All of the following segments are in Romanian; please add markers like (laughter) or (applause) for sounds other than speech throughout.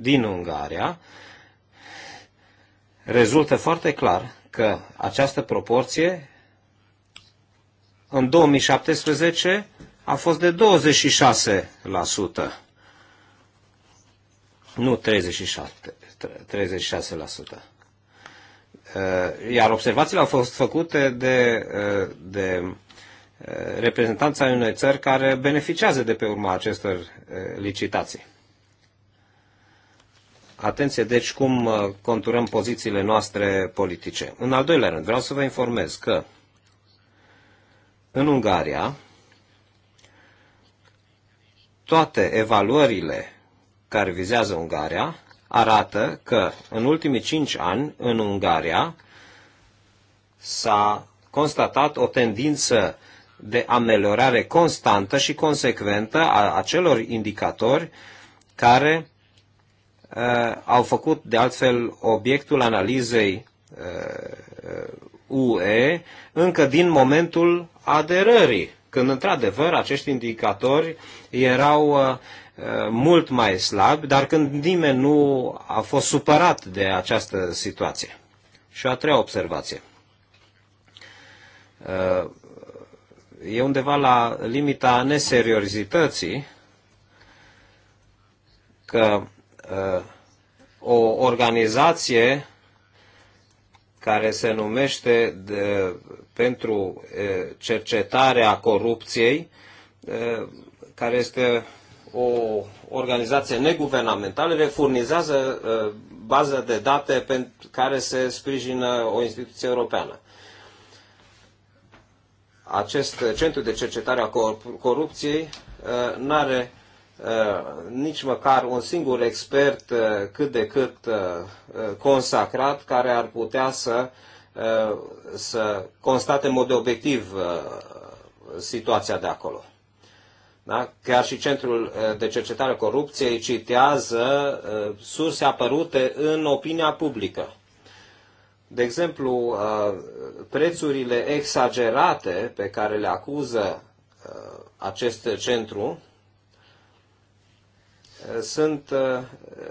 din Ungaria, rezultă foarte clar că această proporție în 2017 a fost de 26%, nu 37, 36%. Eh, iar observațiile au fost făcute de, eh, de eh, reprezentanța unei țări care beneficiază de pe urma acestor licitații. Atenție, deci, cum uh, conturăm pozițiile noastre politice. În al doilea rând, vreau să vă informez că în Ungaria toate evaluările care vizează Ungaria arată că în ultimii cinci ani în Ungaria s-a constatat o tendință de ameliorare constantă și consecventă a acelor indicatori care Uh, au făcut de altfel obiectul analizei UE uh, uh, încă din momentul aderării, când într-adevăr acești indicatori erau mult mai slabi, dar când nimeni nu a fost supărat de această situație. Și a treia observație. E undeva la limita neseriozității că Uh, o organizație care se numește de, pentru uh, cercetarea corupției, uh, care este o organizație neguvernamentală, refurnizează bază de date pentru care se sprijină o instituție europeană. Acest centru de cercetare a corupției nu are Uh, nici măcar un singur expert uh, cât de cât uh, consacrat care ar putea să, să constate în mod obiectiv situația de acolo. Da? Chiar și Centrul de Cercetare Corupției citează surse apărute în opinia publică. De exemplu, prețurile exagerate pe care le acuză acest centru sunt, uh,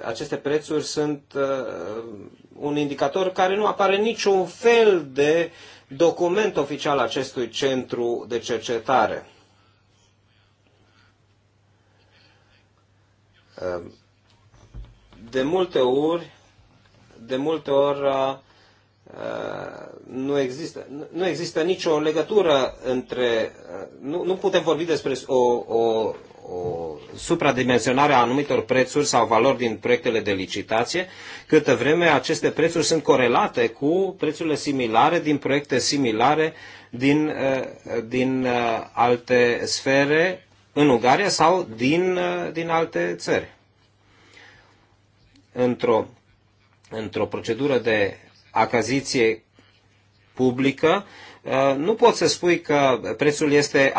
aceste prețuri sunt uh, un indicator care nu apare niciun fel de document oficial acestui centru de cercetare. Uh, de multe ori, de multe ori nu există, nu există nicio legătură între, nu, nu putem vorbi despre o, o o supradimensionare a anumitor prețuri sau valori din proiectele de licitație, câtă vreme aceste prețuri sunt corelate cu prețurile similare din proiecte similare din, uh, din uh, alte sfere în Ungaria sau din, uh, din alte țări. Într-o, într-o procedură de acaziție publică, Eh, nu poți să spui că prețul este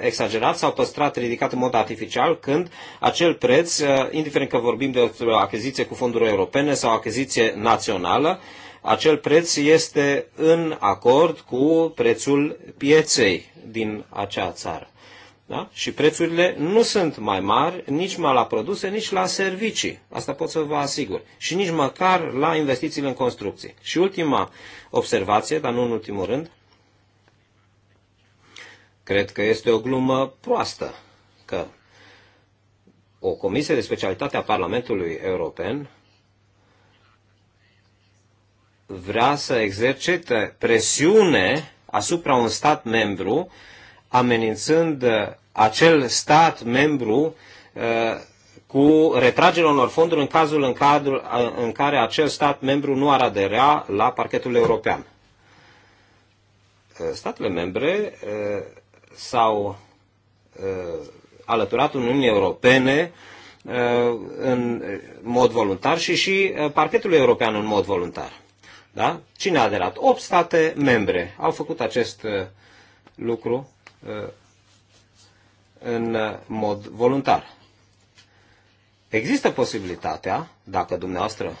exagerat sau păstrat, ridicat în mod artificial, când acel preț, eh, indiferent că vorbim de o achiziție cu fonduri europene sau achiziție națională, acel preț este în acord cu prețul pieței din acea țară. Da? Și prețurile nu sunt mai mari nici mai la produse, nici la servicii. Asta pot să vă asigur. Și nici măcar la investițiile în construcții. Și ultima observație, dar nu în ultimul rând, Cred că este o glumă proastă că o comisie de specialitate a Parlamentului European vrea să exercite presiune asupra un stat membru, amenințând uh, acel stat membru uh, cu retragerea unor fonduri în cazul în, cadrul, uh, în care acel stat membru nu ar aderea la parchetul european. Statele membre s-au uh, alăturat Uniunii Europene uh, în mod voluntar și și uh, parchetul european în mod voluntar. Da? Cine a aderat? 8 state membre au făcut acest lucru în mod voluntar. Există posibilitatea, dacă dumneavoastră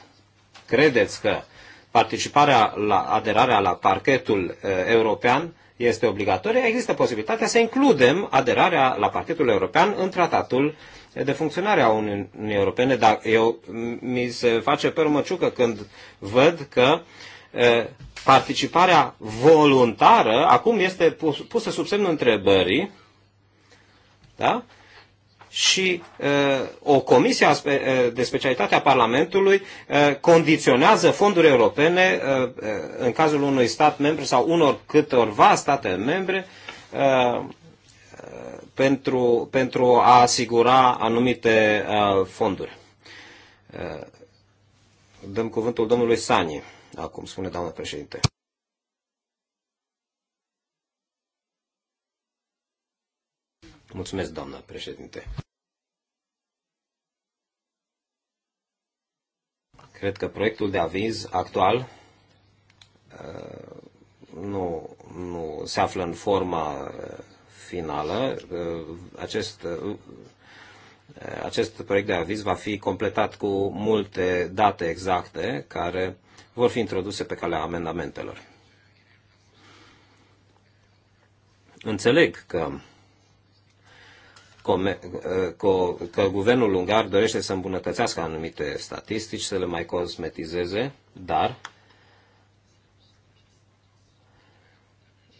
credeți că participarea la aderarea la parchetul european este obligatorie, există posibilitatea să includem aderarea la Partidul european în tratatul de funcționare a Uniunii Europene, dar eu, mi se face măciucă când văd că participarea voluntară acum este pusă sub semnul întrebării, da? și o comisie de specialitate a Parlamentului condiționează fonduri europene în cazul unui stat membru sau unor câtorva state membre pentru, pentru a asigura anumite fonduri. Dăm cuvântul domnului Sani, acum spune doamna președinte. Mulțumesc, doamnă președinte. Cred că proiectul de aviz actual uh, nu, nu se află în forma uh, finală. Uh, acest, acest proiect de aviz va fi completat cu multe date exacte care vor fi introduse pe calea amendamentelor. Înțeleg că Uh, că, că guvernul ungar dorește să îmbunătățească anumite statistici, să le mai cosmetizeze, dar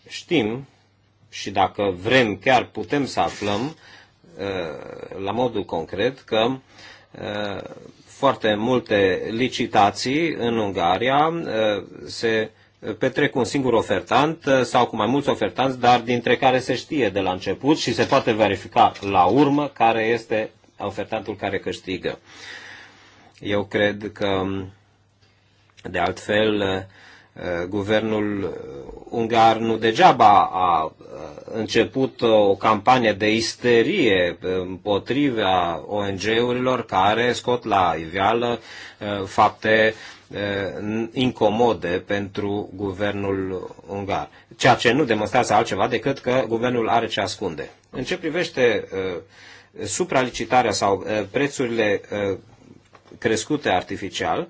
știm și dacă vrem chiar putem să aflăm uh, la modul concret că uh, foarte multe licitații în Ungaria se petrec un singur ofertant uh, sau cu mai mulți ofertanți, dar dintre care se știe de la început și se poate verifica la urmă care este ofertantul care câștigă. Eu cred că, de altfel, uh, guvernul ungar nu degeaba a uh, început o campanie de isterie împotriva ONG-urilor care scot la iveală fapte Eh, incomode pentru guvernul ungar. Ceea ce nu demonstrează altceva decât că guvernul are ce ascunde. În ce privește eh, supralicitarea sau eh, prețurile crescute artificial,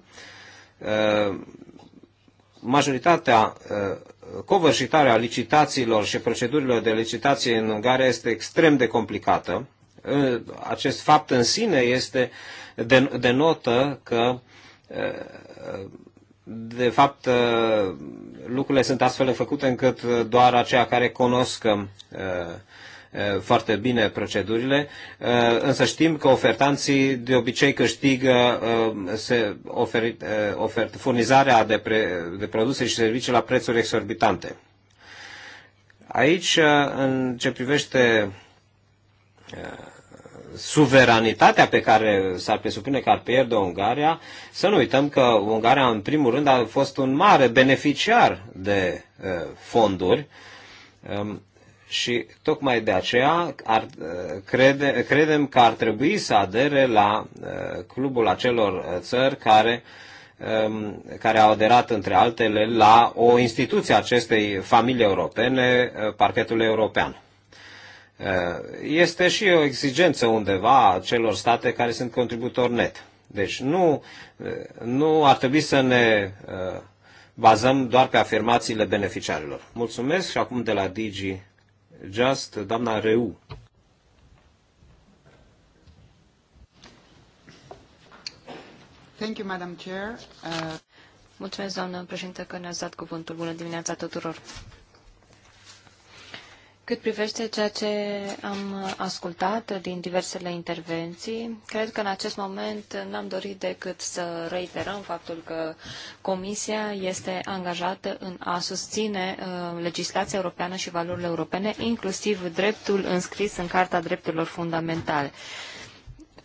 majoritatea covârșitarea licitațiilor și procedurilor de licitație în Ungaria este extrem de complicată. Acest fapt în sine este denotă că de fapt, uh, lucrurile sunt astfel făcute încât doar aceia care cunosc uh, uh, foarte bine procedurile, însă știm că ofertanții de obicei câștigă se oferi, ofer, furnizarea de, pre, de produse și servicii la prețuri exorbitante. Aici, în ce privește suveranitatea pe care s-ar presupune că ar pierde Ungaria, să nu uităm că Ungaria, în primul rând, a fost un mare beneficiar de uh, fonduri um, și tocmai de aceea ar, uh, crede, credem că ar trebui să adere la uh, clubul acelor țări care um, care au aderat, între altele, la o instituție acestei familii europene, parchetul european. Eh, este și o exigență undeva a celor state care sunt contributori net. Deci nu, eh, nu ar trebui să ne eh, bazăm doar pe afirmațiile beneficiarilor. Mulțumesc și acum de la Digi Just, doamna Reu. Thank you, Madam Chair. Uh... Mulțumesc, doamnă președinte, că ne-ați dat cuvântul. Bună dimineața tuturor! Cât privește ceea ce am ascultat din diversele intervenții, cred că în acest moment n-am dorit decât să reiterăm faptul că Comisia este angajată în a susține uh, legislația europeană și valorile europene, inclusiv dreptul înscris în Carta Drepturilor Fundamentale.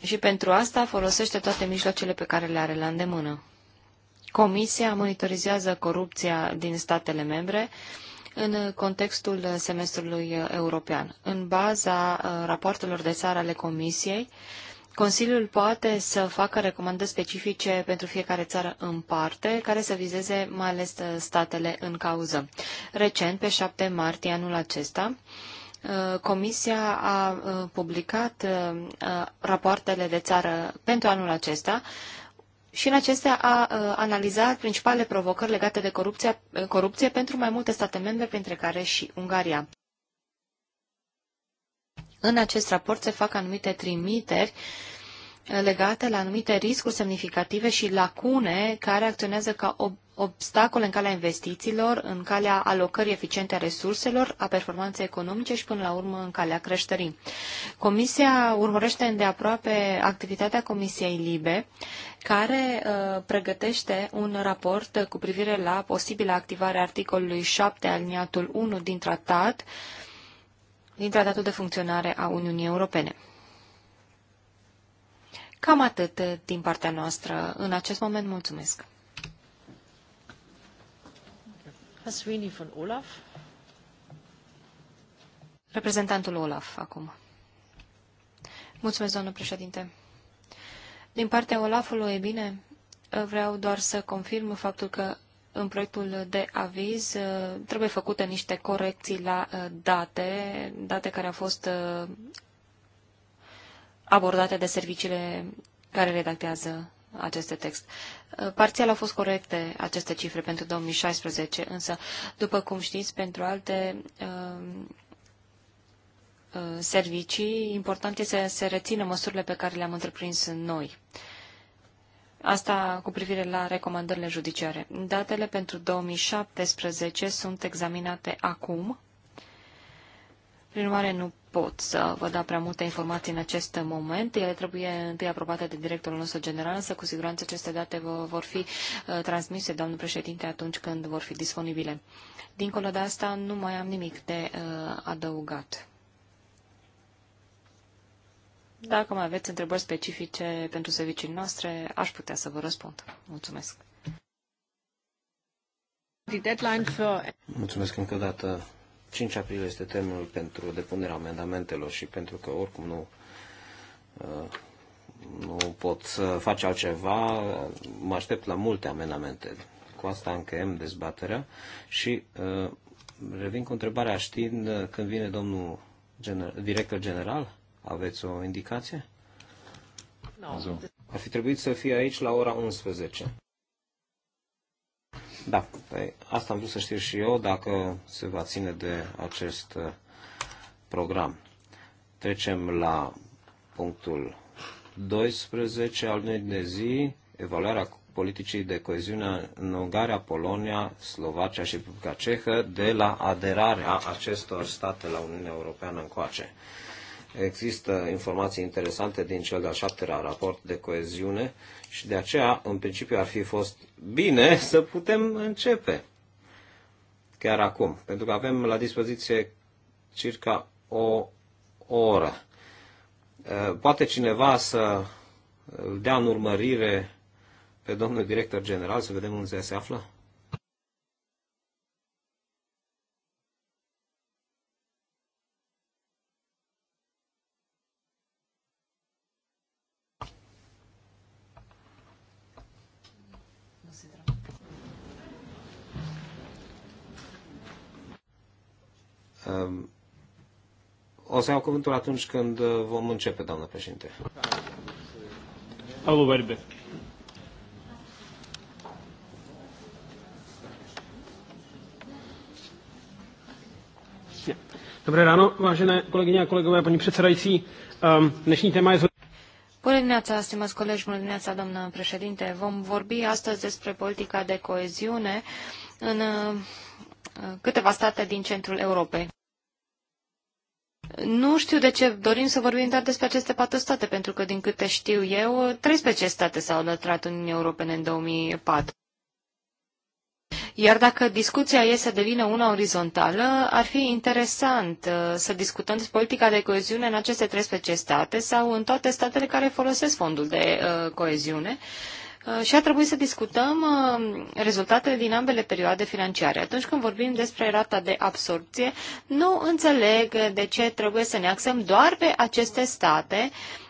Și pentru asta folosește toate mijloacele pe care le are la îndemână. Comisia monitorizează corupția din statele membre, în contextul semestrului european. În baza uh, rapoartelor de țară ale Comisiei, Consiliul poate să facă recomandări specifice pentru fiecare țară în parte, care să vizeze mai ales uh, statele în cauză. Recent, pe 7 martie anul acesta, uh, Comisia a publicat rapoartele de țară pentru anul acesta, și în acestea a analizat principalele provocări legate de corupția, corupție pentru mai multe state membre, printre care și Ungaria. În acest raport se fac anumite trimiteri uh, legate la anumite riscuri semnificative și lacune care acționează ca obstacole în calea investițiilor, în calea alocării eficiente a resurselor, a performanței economice și, până la urmă, în calea creșterii. Comisia urmărește îndeaproape activitatea Comisiei Libe, care uh, pregătește un raport cu privire la posibilă activare articolului 7 aliniatul 1 din tratat, din tratatul de funcționare a Uniunii Europene. Cam atât din partea noastră. În acest moment, mulțumesc. Pasrini von Olaf. Reprezentantul Olaf, acum. Mulțumesc, doamnă președinte. Din partea Olafului, e bine, vreau doar să confirm faptul că în proiectul de aviz uh, trebuie făcute niște corecții la uh, date, date care au fost uh, abordate de serviciile care redactează aceste text. Uh, parțial au fost corecte aceste cifre pentru 2016, însă, după cum știți, pentru alte uh, uh, servicii, important este să se rețină măsurile pe care le-am întreprins noi. Asta cu privire la recomandările judiciare. Datele pentru 2017 sunt examinate acum. Prin urmare, nu pot să vă dau prea multe informații în acest moment. Ele trebuie întâi aprobate de directorul nostru general, însă cu siguranță aceste date vă vor fi uh, transmise, domnul președinte, atunci când vor fi disponibile. Dincolo de asta, nu mai am nimic de uh, adăugat. Dacă mai aveți întrebări specifice pentru serviciile noastre, aș putea să vă răspund. Mulțumesc. Mulțumesc încă o dată 5 aprilie este termenul pentru depunerea amendamentelor și pentru că oricum nu, uh, nu pot să fac altceva, mă aștept la multe amendamente. Cu asta încheiem dezbaterea și uh, revin cu întrebarea, știind uh, când vine domnul gener- director general, aveți o indicație? No. Ar fi trebuit să fie aici la ora 11. Da, păi asta am vrut să știu și eu dacă se va ține de acest uh, program. Trecem la punctul 12 al unei de zi, evaluarea politicii de coeziune în Ungaria, Polonia, Slovacia și Republica Cehă de la aderarea acestor state la Uniunea Europeană încoace. Există informații interesante din cel de-al șaptelea raport de coeziune și de aceea, în principiu, ar fi fost bine (laughs) să putem începe chiar acum, pentru că avem la dispoziție circa o oră. Eh, poate cineva să dea în urmărire pe domnul director general, să vedem unde se află? O să iau cuvântul atunci când uh, vom începe, doamnă președinte. Alu vorbe. Dobré ráno, vážené kolegyně a kolegové, paní předsedající. Um, dnešní téma je... Bună dimineața, stimați colegi, bună dimineața, doamnă președinte. Vom vorbi astăzi despre politica de coeziune în uh, câteva state din centrul Europei. Nu știu de ce dorim să vorbim doar despre aceste patru state, pentru că, din câte știu eu, 13 state s-au alătrat în Uniunea Europene în 2004. Iar dacă discuția e să devină una orizontală, ar fi interesant uh, să discutăm despre politica de coeziune în aceste 13 state sau în toate statele care folosesc fondul de uh, coeziune Uh, și a trebuit să discutăm uh, rezultatele din ambele perioade financiare. Atunci când vorbim despre rata de absorpție, nu înțeleg de ce trebuie să ne axăm doar pe aceste state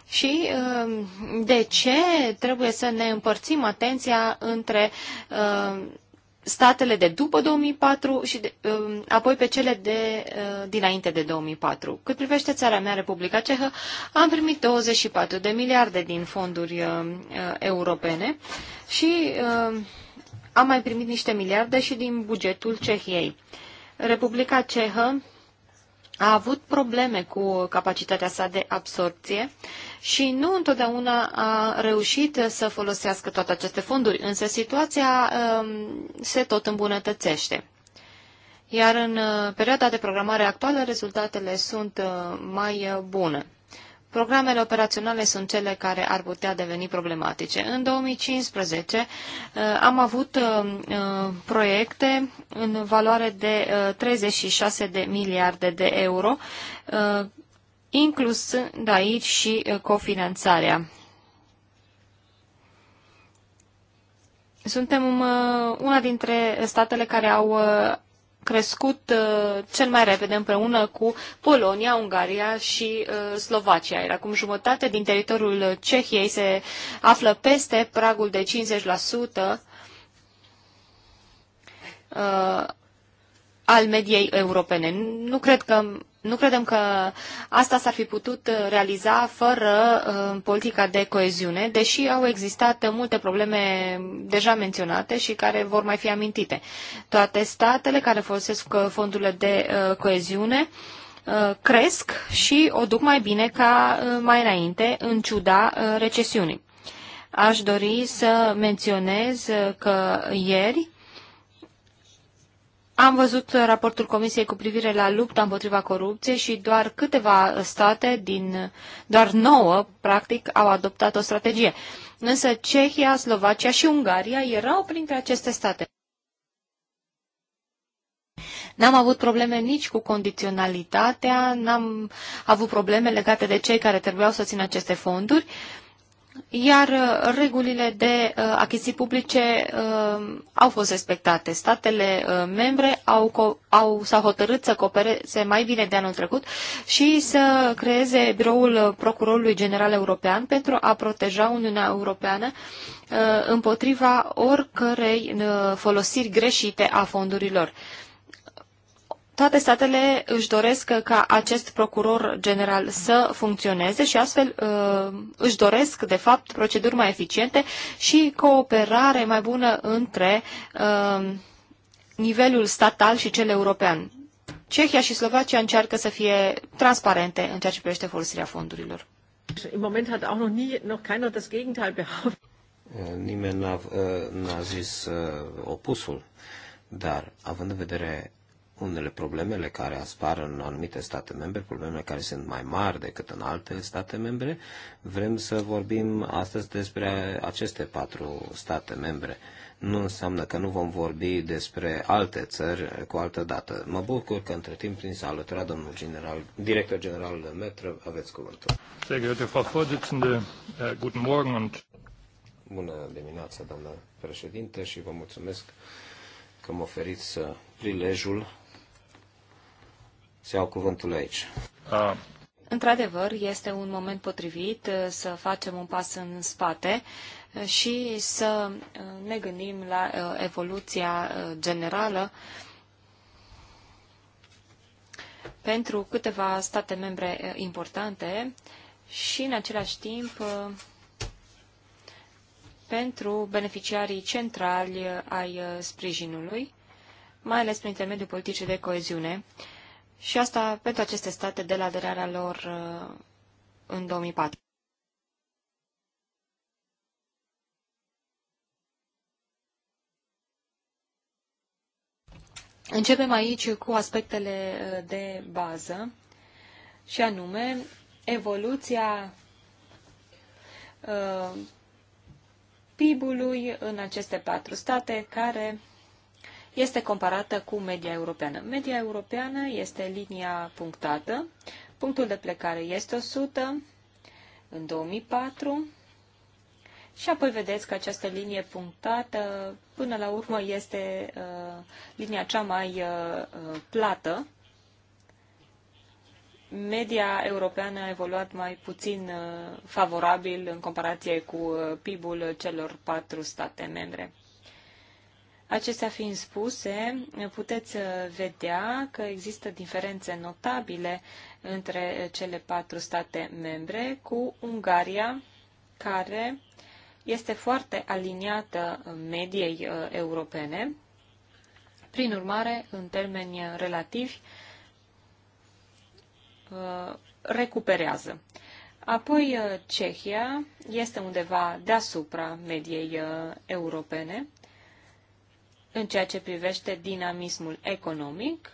și uh, de ce trebuie să ne împărțim atenția între statele de după 2004 și de, um, apoi pe cele de uh, dinainte de 2004. Cât privește țara mea, Republica Cehă, am primit 24 de miliarde din fonduri uh, uh, europene și am mai primit niște miliarde și din bugetul Cehiei. Republica Cehă a avut probleme cu capacitatea sa de absorpție și nu întotdeauna a reușit să folosească toate aceste fonduri, însă situația um, se tot îmbunătățește. Iar în uh, perioada de programare actuală rezultatele sunt uh, mai uh, bune. Programele operaționale sunt cele care ar putea deveni problematice. În 2015 uh, am avut uh, uh, proiecte în valoare de 36 de miliarde de euro, inclus de da, aici și cofinanțarea. Suntem una dintre statele care au crescut uh, cel mai repede împreună cu Polonia, Ungaria și uh, Slovacia. Iar acum jumătate din teritoriul Cehiei se află peste pragul de 50% uh, al mediei europene. Nu cred că nu credem că asta s-ar fi putut uh, realiza fără uh, politica de coeziune, deși au existat multe probleme deja menționate și care vor mai fi amintite. Toate statele care folosesc uh, fondurile de coeziune cresc și o duc mai bine ca mai înainte, în ciuda recesiunii. Aș dori să menționez că ieri am văzut raportul Comisiei cu privire la lupta împotriva corupției și doar câteva state din, doar nouă, practic, au adoptat o strategie. Însă Cehia, Slovacia și Ungaria erau printre aceste state. N-am avut probleme nici cu condiționalitatea, n-am avut probleme legate de cei care trebuiau să țină aceste fonduri. Uh, iar uh, regulile de uh, achiziții publice uh, au fost respectate. Statele membre au, au, s-au hotărât să coopereze mai bine de anul trecut și să creeze biroul Procurorului General European pentru a proteja Uniunea Europeană împotriva oricărei folosiri greșite a fondurilor toate statele își doresc ca acest procuror general să funcționeze și astfel uh, își doresc, de fapt, proceduri mai eficiente și cooperare mai bună între uh, nivelul statal și cel european. Cehia și Slovacia încearcă să fie transparente în ceea ce privește folosirea fondurilor. În Nimeni n-a, uh, zis opusul, dar având în vedere unele problemele care aspar în anumite state membre, problemele care sunt mai mari decât în alte state membre. Vrem să vorbim astăzi despre aceste patru state membre. Nu înseamnă că nu vom vorbi despre alte țări cu altă dată. Mă bucur că între timp prin s-a alăturat domnul general, director general de Metră. Aveți cuvântul. Äh, Bună dimineața, doamnă președinte, și vă mulțumesc că mă oferiți uh, prilejul să iau cuvântul aici. Uh. Într-adevăr, este un moment potrivit uh, să facem un pas în spate uh, și să uh, ne gândim la evoluția generală pentru câteva state membre importante și, în același timp, pentru beneficiarii centrali ai sprijinului, mai ales prin intermediul politicii de coeziune și asta pentru aceste state de la aderarea lor uh, în 2004. Începem aici cu aspectele uh, de bază și anume evoluția uh, PIB-ului în aceste patru state care este comparată cu media europeană. Media europeană este linia punctată, punctul de plecare este 100 în 2004 și apoi vedeți că această linie punctată până la urmă este uh, linia cea mai uh, uh plată. Media europeană a evoluat mai puțin uh, favorabil în comparație cu uh, PIB-ul celor patru state membre. Acestea fiind spuse, puteți uh, vedea că există diferențe notabile între uh, cele patru state membre, cu Ungaria, care este foarte aliniată uh, mediei europene. Prin urmare, în termeni relativi, recuperează. Apoi, Cehia este undeva deasupra mediei europene în ceea ce privește dinamismul economic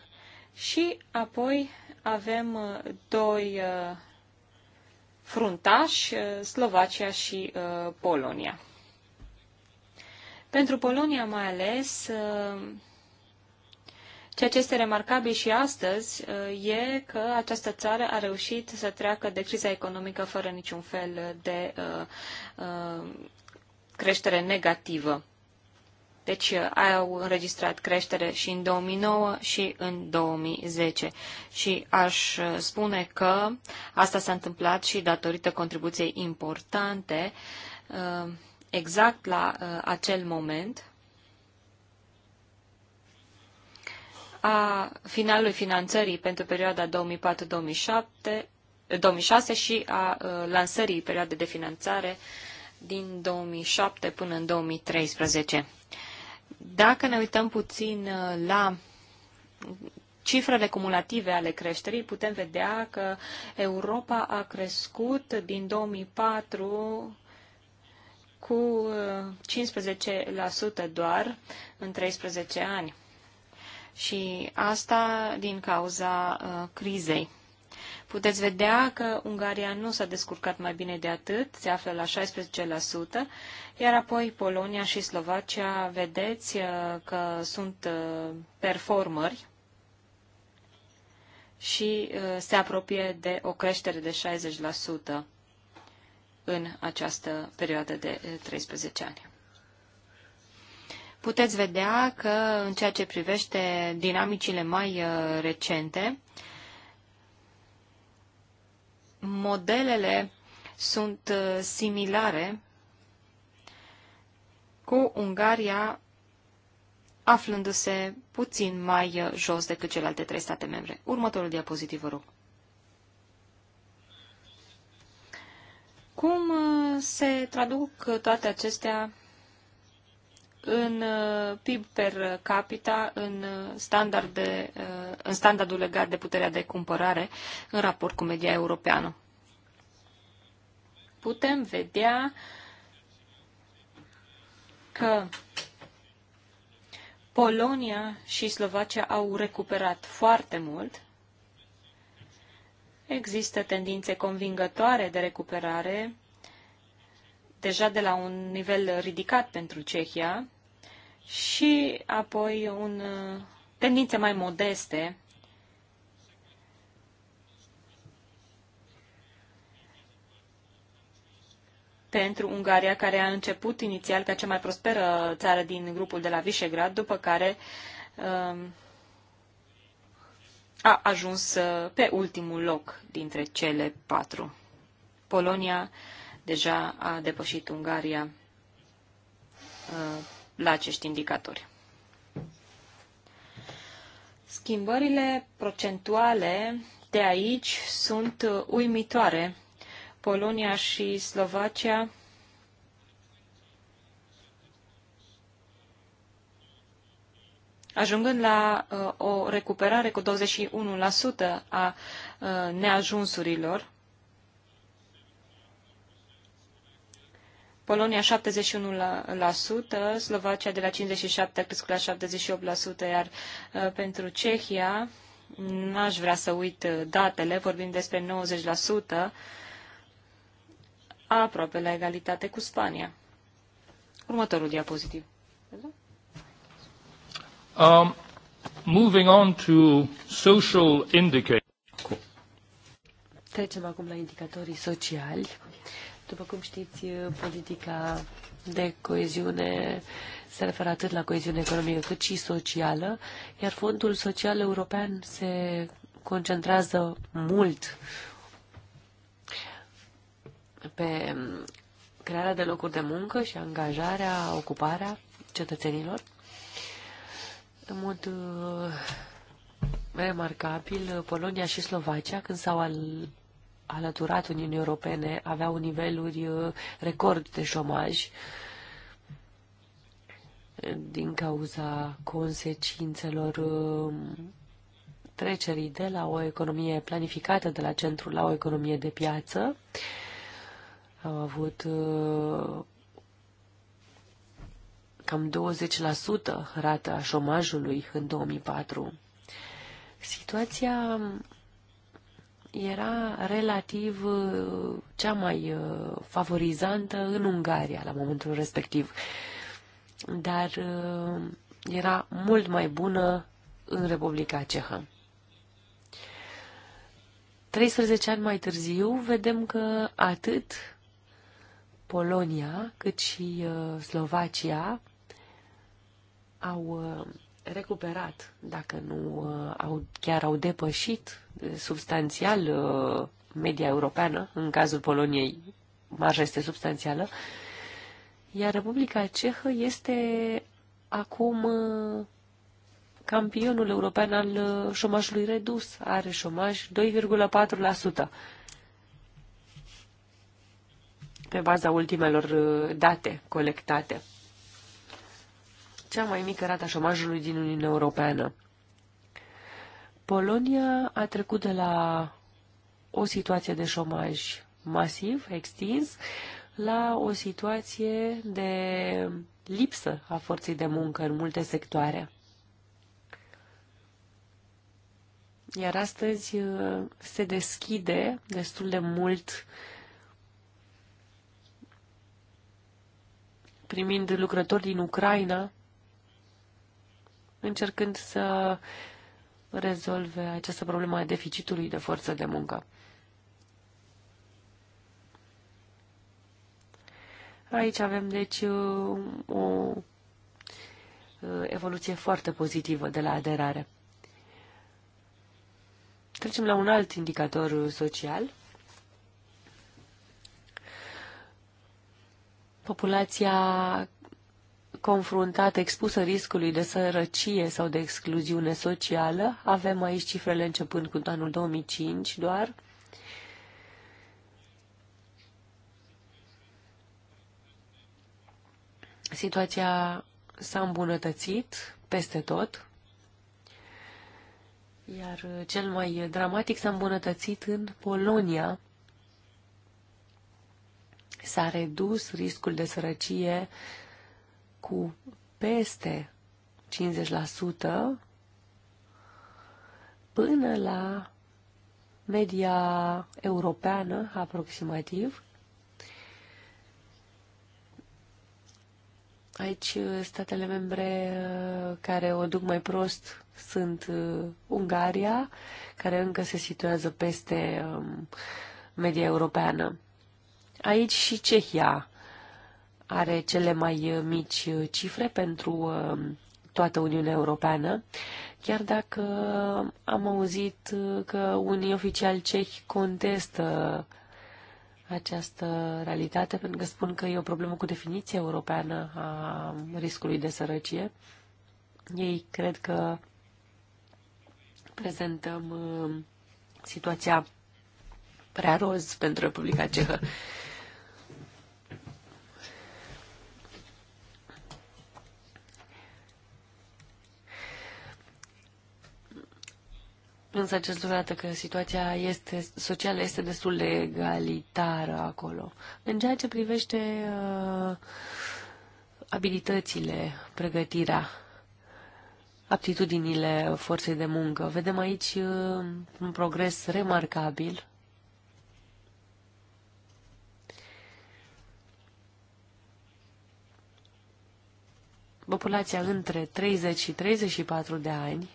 și apoi avem uh, doi uh, fruntași, uh, Slovacia și Polonia. Pentru Polonia mai ales, Ceea ce este remarcabil și astăzi e că această țară a reușit să treacă de criza economică fără niciun fel de creștere negativă. Deci uh, au înregistrat creștere și în 2009 și în 2010. Și aș uh, spune că asta s-a întâmplat și datorită contribuției importante uh, exact la acel moment a finalului finanțării pentru perioada 2004-2007 2006 și a lansării perioadei de finanțare din 2007 până în 2013. Dacă ne uităm puțin uh, la cifrele cumulative ale creșterii, putem vedea că Europa a crescut din 2004 cu 15% uh, doar în 13 ani. Și asta din cauza uh, crizei. Puteți vedea că Ungaria nu s-a descurcat mai bine de atât, se află la 16%, iar apoi Polonia și Slovacia, vedeți uh, că sunt uh, performări și uh, se apropie de o creștere de 60% în această perioadă de 13 ani. Puteți vedea că în ceea ce privește dinamicile mai recente, modelele sunt uh, similare cu Ungaria aflându-se puțin mai uh, jos decât celelalte trei state membre. Următorul diapozitiv, vă rog. Cum uh, se traduc toate acestea în uh, PIB per capita, în, uh, standard de, uh, în standardul legat de puterea de cumpărare în raport cu media europeană. Putem vedea că Polonia și Slovacia au recuperat foarte mult. Există tendințe convingătoare de recuperare deja de la un nivel ridicat pentru Cehia și apoi un, uh, tendințe mai modeste pentru Ungaria, care a început inițial ca cea mai prosperă țară din grupul de la Visegrad, după care um, a ajuns uh, pe ultimul loc dintre cele patru. Polonia deja a depășit Ungaria uh, la acești indicatori. Schimbările procentuale de aici sunt uimitoare. Polonia și Slovacia ajungând la uh, o recuperare cu 21% a uh, neajunsurilor Polonia 71%, Slovacia de la 57% a crescut la 78%, iar uh, pentru Cehia, n-aș vrea să uit uh, datele, vorbim despre 90%, aproape la egalitate cu Spania. Următorul diapozitiv. Um, moving on to social indicators. Trecem acum la indicatorii sociali. După cum știți, politica de coeziune se referă atât la coeziune economică cât și socială, iar Fondul Social European se concentrează mult pe crearea de locuri de muncă și angajarea, ocuparea cetățenilor. În mod uh, remarcabil, Polonia și Slovacia, când s-au alăturat Uniunii Europene aveau niveluri uh, record de șomaj din cauza consecințelor uh, trecerii de la o economie planificată de la centru la o economie de piață. au avut uh, cam 20% rata șomajului în 2004. Situația era relativ uh, cea mai uh, favorizantă în Ungaria la momentul respectiv, dar uh, era mult mai bună în Republica Cehă. 13 ani mai târziu, vedem că atât Polonia cât și Slovacia au recuperat, dacă nu au, chiar au depășit substanțial uh, media europeană, în cazul Poloniei marja este substanțială, iar Republica Cehă este acum uh, campionul european al uh, șomajului redus. Are șomaj 2,4% pe baza ultimelor date colectate. Cea mai mică rata șomajului din Uniunea Europeană. Polonia a trecut de la o situație de șomaj masiv, extins, la o situație de lipsă a forței de muncă în multe sectoare. Iar astăzi uh, se deschide destul de mult primind lucrători din Ucraina, încercând să rezolve această problemă a deficitului de forță de muncă. Aici avem, deci, o evoluție foarte pozitivă de la aderare. Trecem la un alt indicator social. Populația confruntate, expusă riscului de sărăcie sau de excluziune socială. Avem aici cifrele începând cu anul 2005 doar. Situația s-a îmbunătățit peste tot, iar cel mai dramatic s-a îmbunătățit în Polonia. S-a redus riscul de sărăcie cu peste 50% până la media europeană aproximativ. Aici statele membre uh, care o duc mai prost sunt uh, Ungaria, care încă se situează peste um, media europeană. Aici și Cehia are cele mai uh, mici uh, cifre pentru uh, toată Uniunea Europeană, chiar dacă am auzit că unii oficiali cehi contestă această realitate, pentru că spun că e o problemă cu definiția europeană a riscului de sărăcie. Ei cred că prezentăm situația prea roz pentru Republica Cehă. Însă acest lucru arată că situația este, socială este destul de egalitară acolo. În ceea ce privește uh, abilitățile, pregătirea, aptitudinile forței de muncă, vedem aici uh, un progres remarcabil. Populația între 30 și 34 de ani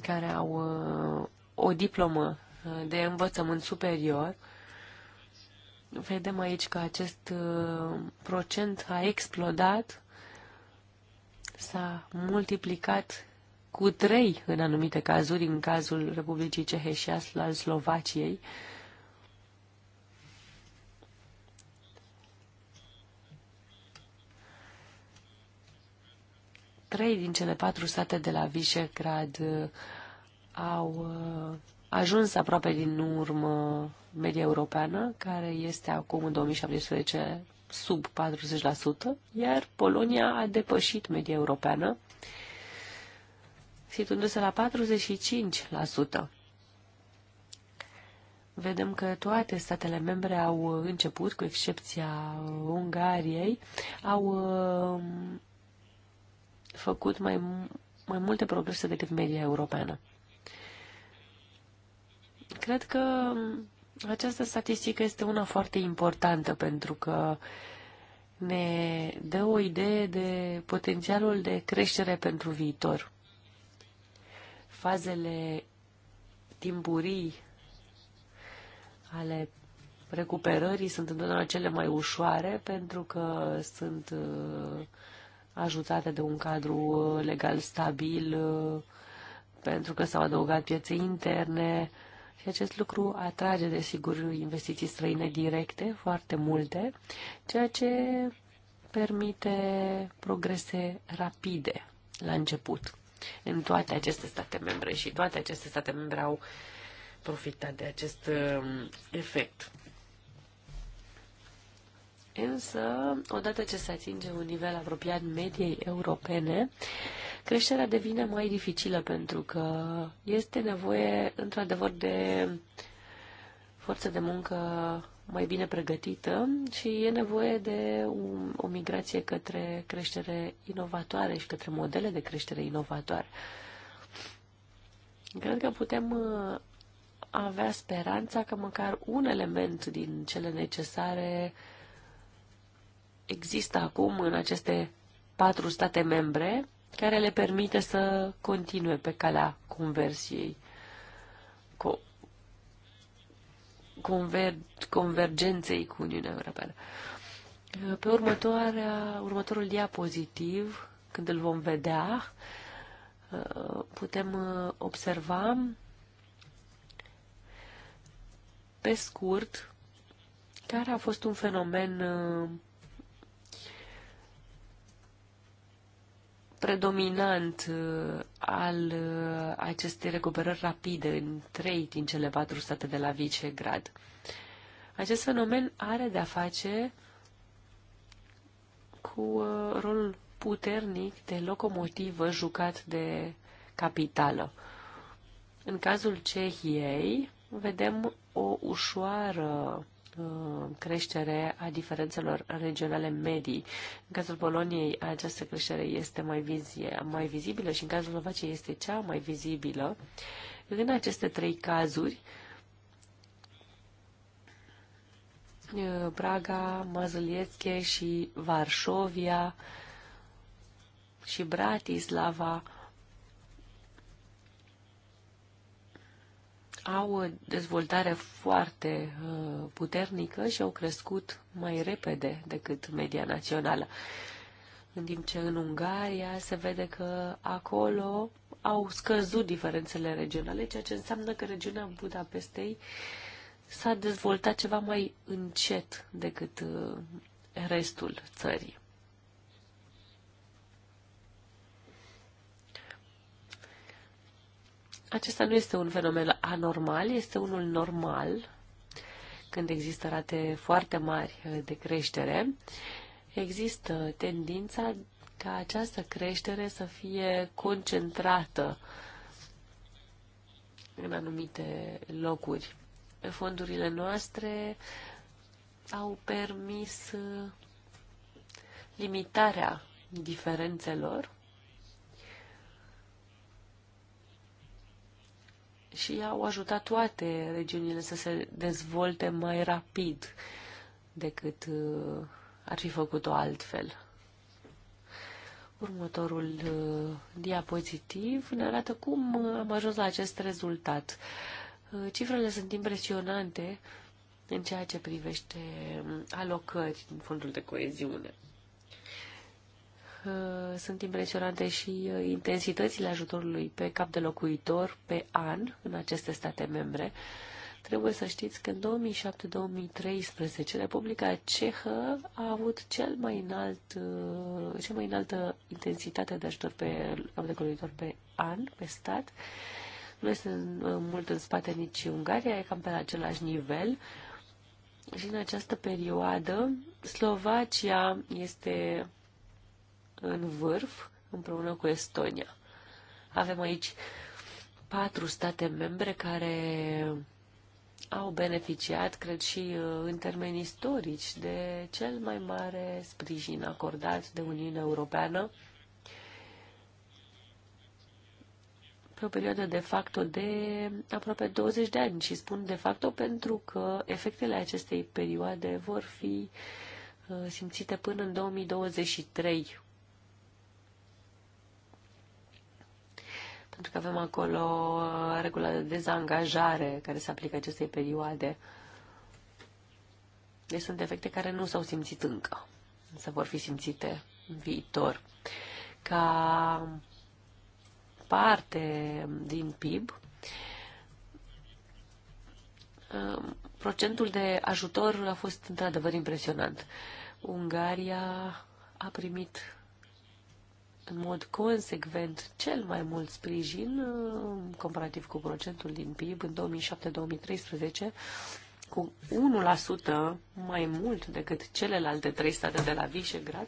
care au uh, o diplomă uh, de învățământ superior, vedem aici că acest uh, procent a explodat, s-a multiplicat cu trei în anumite cazuri, în cazul Republicii Cehe și al Slovaciei, trei din cele patru state de la Visegrad uh, au uh, ajuns aproape din urmă media europeană, care este acum în 2017 sub 40%, iar Polonia a depășit media europeană, situându-se la 45%. Vedem că toate statele membre au început, cu excepția Ungariei, au uh, făcut mai, mai multe progrese decât media europeană. Cred că această statistică este una foarte importantă pentru că ne dă o idee de potențialul de creștere pentru viitor. Fazele timpurii ale recuperării sunt întotdeauna cele mai ușoare pentru că sunt uh, ajutate de un cadru uh, legal stabil, uh, pentru că s-au adăugat piețe interne și acest lucru atrage, desigur, investiții străine directe, foarte multe, ceea ce permite progrese rapide la început în toate aceste state membre și toate aceste state membre au profitat de acest uh, efect. Însă, odată ce se atinge un nivel apropiat mediei europene, creșterea devine mai dificilă pentru că este nevoie, într-adevăr, de forță de muncă mai bine pregătită și e nevoie de o migrație către creștere inovatoare și către modele de creștere inovatoare. Cred că putem uh, avea speranța că măcar un element din cele necesare uh, există acum în aceste patru state membre care le permite să continue pe calea conversiei, co conver convergenței cu Uniunea Europeană. Pe următoarea, următorul diapozitiv, când îl vom vedea, putem uh, observa pe scurt care a fost un fenomen uh, predominant uh, al uh, acestei recuperări rapide în trei din cele patru state de la vicegrad. Acest fenomen are de-a face cu uh, rolul puternic de locomotivă jucat de capitală. În cazul Cehiei, vedem o ușoară Uh, creștere a diferențelor regionale medii. În cazul Poloniei, această creștere este mai, vizie, mai vizibilă și în cazul Slovaciei este cea mai vizibilă. În aceste trei cazuri, uh, Praga, Mazălietche și Varșovia și Bratislava au o dezvoltare foarte uh, puternică și au crescut mai repede decât media națională. În timp ce în Ungaria se vede că acolo au scăzut diferențele regionale, ceea ce înseamnă că regiunea Budapestei s-a dezvoltat ceva mai încet decât uh, restul țării. acesta nu este un fenomen anormal, este unul normal, când există rate foarte mari de creștere, există tendința ca această creștere să fie concentrată în anumite locuri. Fondurile noastre au permis limitarea diferențelor și au ajutat toate regiunile să se dezvolte mai rapid decât uh, ar fi făcut-o altfel. Următorul uh, diapozitiv ne arată cum uh, am ajuns la acest rezultat. Cifrele sunt impresionante în ceea ce privește um, alocări din fondul de coeziune sunt impresionante și uh, intensitățile ajutorului pe cap de locuitor pe an în aceste state membre. Trebuie să știți că în 2007-2013 Republica Cehă a avut cel mai înalt, uh, cea mai înaltă intensitate de ajutor pe cap de locuitor pe an, pe stat. Nu este uh, mult în spate nici Ungaria, e cam pe același nivel. Și în această perioadă, Slovacia este în vârf împreună cu Estonia. Avem aici patru state membre care au beneficiat, cred și uh, în termeni istorici, de cel mai mare sprijin acordat de Uniunea Europeană pe o perioadă de facto de aproape 20 de ani și spun de facto pentru că efectele acestei perioade vor fi uh, simțite până în 2023. pentru că avem acolo uh, regula de dezangajare care se aplică acestei perioade. Deci sunt efecte care nu s-au simțit încă, însă vor fi simțite în viitor. Ca parte din PIB, um, procentul de ajutor a fost într-adevăr impresionant. Ungaria a primit în mod consecvent cel mai mult sprijin uh, comparativ cu procentul din PIB în 2007-2013 cu 1% mai mult decât celelalte trei state de la Visegrad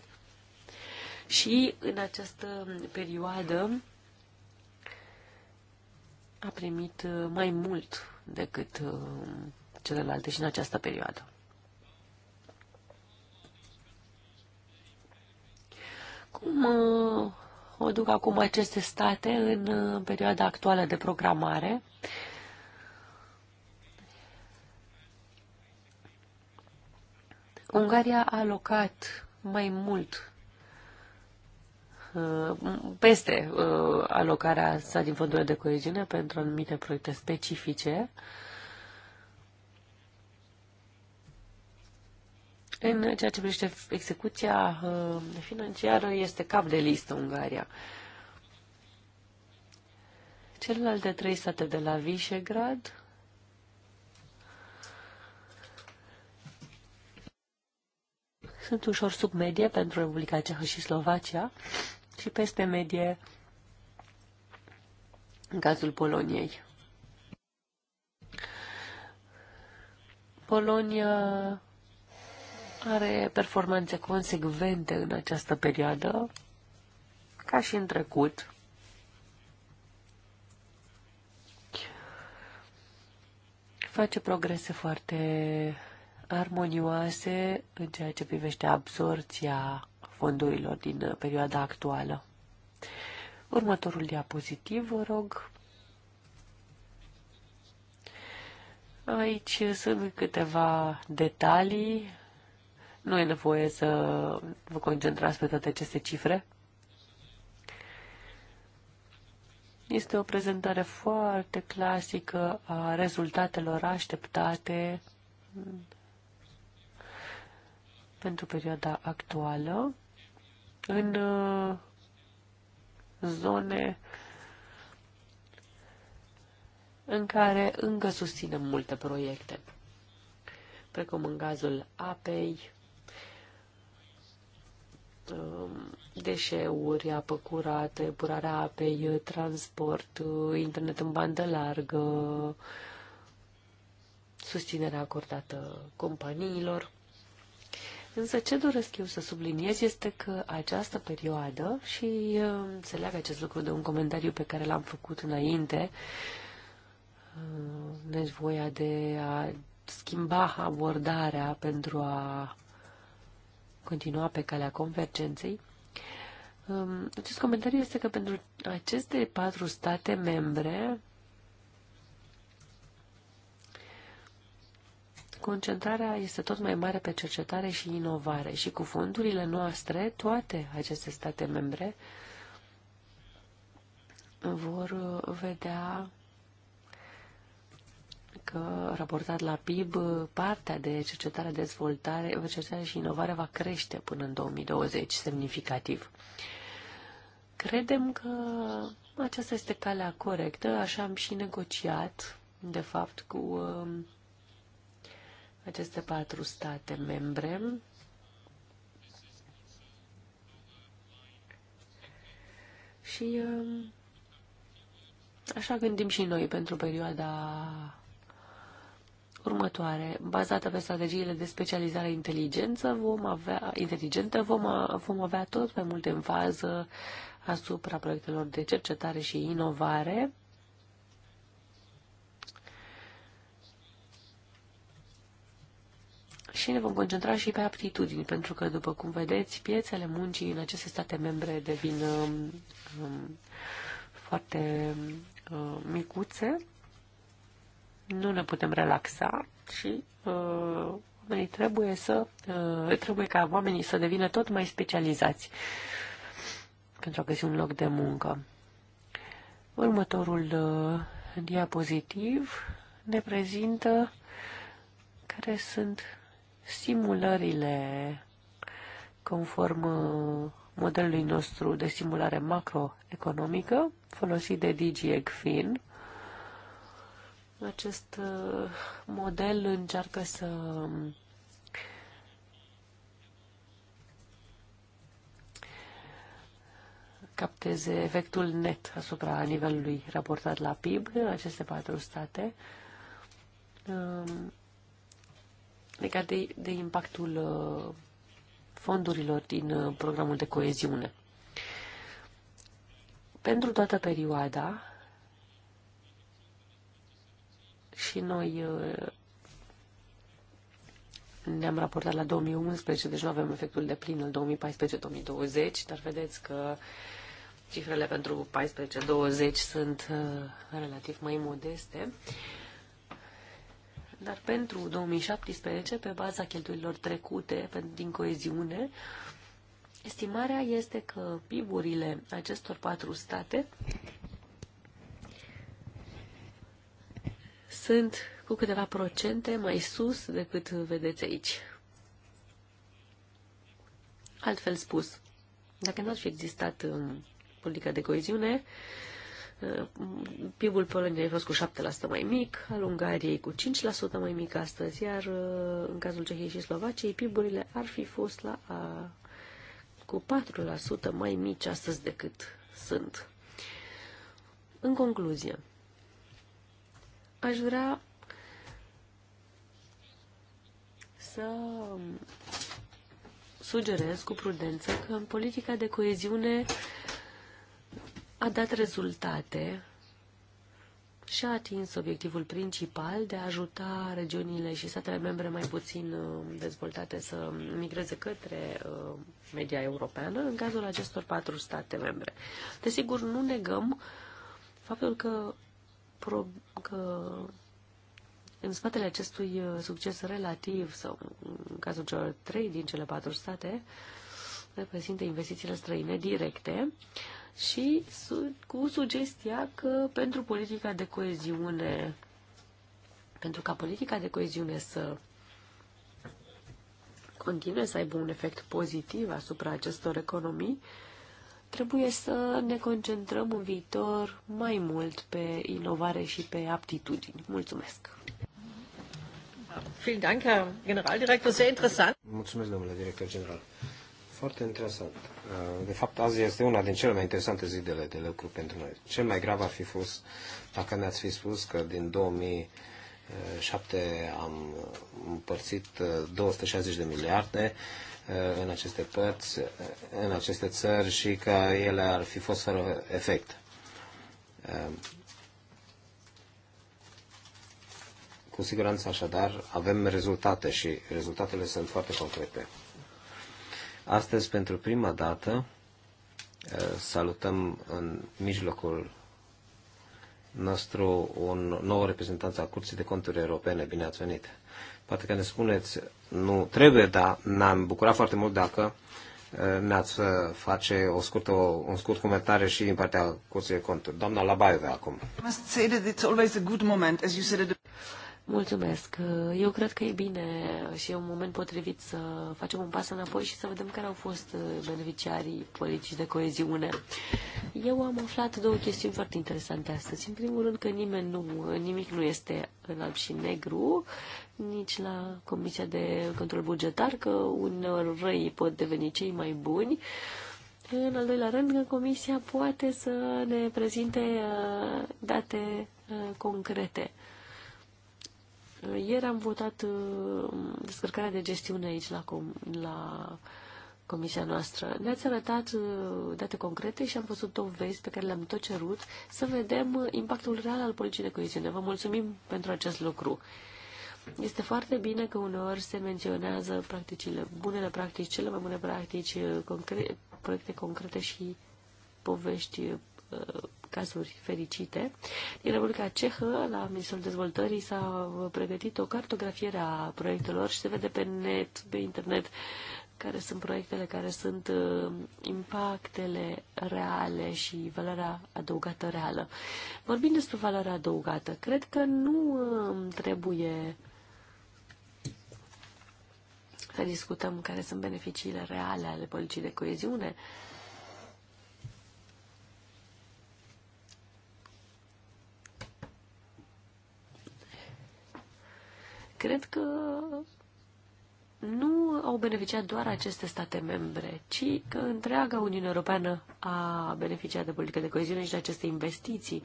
și în această perioadă a primit uh, mai mult decât uh, celelalte și în această perioadă. Cum uh, o duc acum aceste state în uh, perioada actuală de programare? Ungaria a alocat mai mult uh, peste alocarea sa din fondurile de coeziune pentru anumite proiecte specifice. Uh, În ceea ce privește execuția uh, financiară, este cap de listă Ungaria. Celelalte trei state de la Visegrad sunt ușor sub medie pentru Republica Cehă și Slovacia și peste medie în cazul Poloniei. Polonia are performanțe consecvente în această perioadă, ca și în trecut. Face progrese foarte armonioase în ceea ce privește absorția fondurilor din perioada actuală. Următorul diapozitiv, vă rog. Aici sunt câteva detalii nu e nevoie să vă concentrați pe toate aceste cifre. Este o prezentare foarte clasică a rezultatelor așteptate pentru perioada actuală în uh, zone în care încă susținem multe proiecte, precum în cazul apei, Uh, deșeuri, apă curată, epurarea apei, transport, uh, internet în bandă largă, susținerea acordată companiilor. Însă ce doresc eu să subliniez este că această perioadă, și se uh, leagă acest lucru de un comentariu pe care l-am făcut înainte, nevoia de a schimba abordarea pentru a continua pe calea convergenței. Um, acest comentariu este că pentru aceste patru state membre, concentrarea este tot mai mare pe cercetare și inovare și cu fondurile noastre, toate aceste state membre vor vedea că, raportat la PIB, partea de cercetare, dezvoltare, cercetare și inovare va crește până în 2020 semnificativ. Credem că aceasta este calea corectă, așa am și negociat, de fapt, cu um, aceste patru state membre. Și um, Așa gândim și noi pentru perioada următoare, bazată pe strategiile de specializare inteligență, vom avea, inteligentă, vom, vom avea tot mai multe în fază asupra proiectelor de cercetare și inovare. Și ne vom concentra și pe aptitudini, pentru că, după cum vedeți, piețele muncii în aceste state membre devin um, um foarte um, micuțe nu ne putem relaxa și uh, oamenii trebuie să uh, trebuie ca oamenii să devină tot mai specializați pentru a găsi un loc de muncă. Următorul uh, diapozitiv ne prezintă care sunt simulările conform uh, modelului nostru de simulare macroeconomică folosit de DGECFIN acest uh, model încearcă să capteze efectul net asupra nivelului raportat la PIB în aceste patru state um, legat de, de impactul uh, fondurilor din uh, programul de coeziune. Pentru toată perioada, și noi uh, ne-am raportat la 2011, deci nu avem efectul de plin al 2014-2020, dar vedeți că cifrele pentru 14-20 sunt uh, relativ mai modeste. Dar pentru 2017, pe baza cheltuielilor trecute din coeziune, estimarea este că PIB-urile acestor patru state sunt cu câteva procente mai sus decât vedeți aici. Altfel spus, dacă nu ar fi existat um, politica de coeziune, uh, PIB-ul Poloniei a fost cu 7% mai mic, al Ungariei cu 5% mai mic astăzi, iar uh, în cazul Cehiei și Slovaciei, PIB-urile ar fi fost la, a, cu 4% mai mici astăzi decât sunt. În concluzie, Aș vrea să sugerez cu prudență că în politica de coeziune a dat rezultate și a atins obiectivul principal de a ajuta regiunile și statele membre mai puțin uh, dezvoltate să migreze către uh, media europeană, în cazul acestor patru state membre. Desigur, nu negăm faptul că pro, că în spatele acestui uh, succes relativ, sau în cazul celor trei din cele patru state, reprezintă investițiile străine directe și cu sugestia că pentru politica de coeziune, pentru ca politica de coeziune să continue să aibă un efect pozitiv asupra acestor economii, uh, Trebuie să ne concentrăm în viitor mai mult pe inovare și pe aptitudini. Mulțumesc! Vielen Dank, Herr Generaldirektor, sehr interessant. Mulțumesc, domnule director general. Foarte interesant. Uh, de fapt, azi este una din cele mai interesante zilele de lucru pentru noi. Cel mai grav ar fi fost dacă mi ați fi spus că din 2007 am împărțit 260 uh, de miliarde Uh, în aceste părți, uh, în aceste țări și că ele ar fi fost fără efect. Uh, cu siguranță, așadar, avem rezultate și rezultatele sunt foarte concrete. Astăzi, pentru prima dată, salutăm în mijlocul nostru un nou reprezentant al Curții de Conturi Europene. Bine ați venit! Poate că ne spuneți, nu trebuie, dar ne-am bucurat foarte mult dacă ne-ați uh, uh, face o scurtă, un scurt comentariu și din partea Curții de Conturi. Doamna Labaive acum. Mulțumesc. Eu cred că e bine și e un moment potrivit să facem un pas înapoi și să vedem care au fost beneficiarii politici de coeziune. Eu am aflat două chestiuni foarte interesante astăzi. În primul rând că nimeni nu, nimic nu este în alb și negru, nici la Comisia de Control Bugetar, că uneori răi pot deveni cei mai buni. În al doilea rând că Comisia poate să ne prezinte uh, date uh, concrete ieri am votat uh, descărcarea de gestiune aici la, com- la comisia noastră. Ne-ați arătat uh, date concrete și am văzut vezi pe care le-am tot cerut să vedem uh, impactul real al politicii de coeziune. Vă mulțumim pentru acest lucru. Este foarte bine că uneori se menționează practicile, bunele practici, cele mai bune practici, concre- proiecte concrete și povești uh, cazuri fericite. Din Republica Cehă, la Ministerul Dezvoltării, s-a pregătit o cartografiere a proiectelor și se vede pe net, pe internet, care sunt proiectele, care sunt uh, impactele reale și valoarea adăugată reală. Vorbind despre valoarea adăugată, cred că nu uh, trebuie să discutăm care sunt beneficiile reale ale politicii de coeziune, Cred că nu au beneficiat doar aceste state membre, ci că întreaga Uniune Europeană a beneficiat de politică de coeziune și de aceste investiții.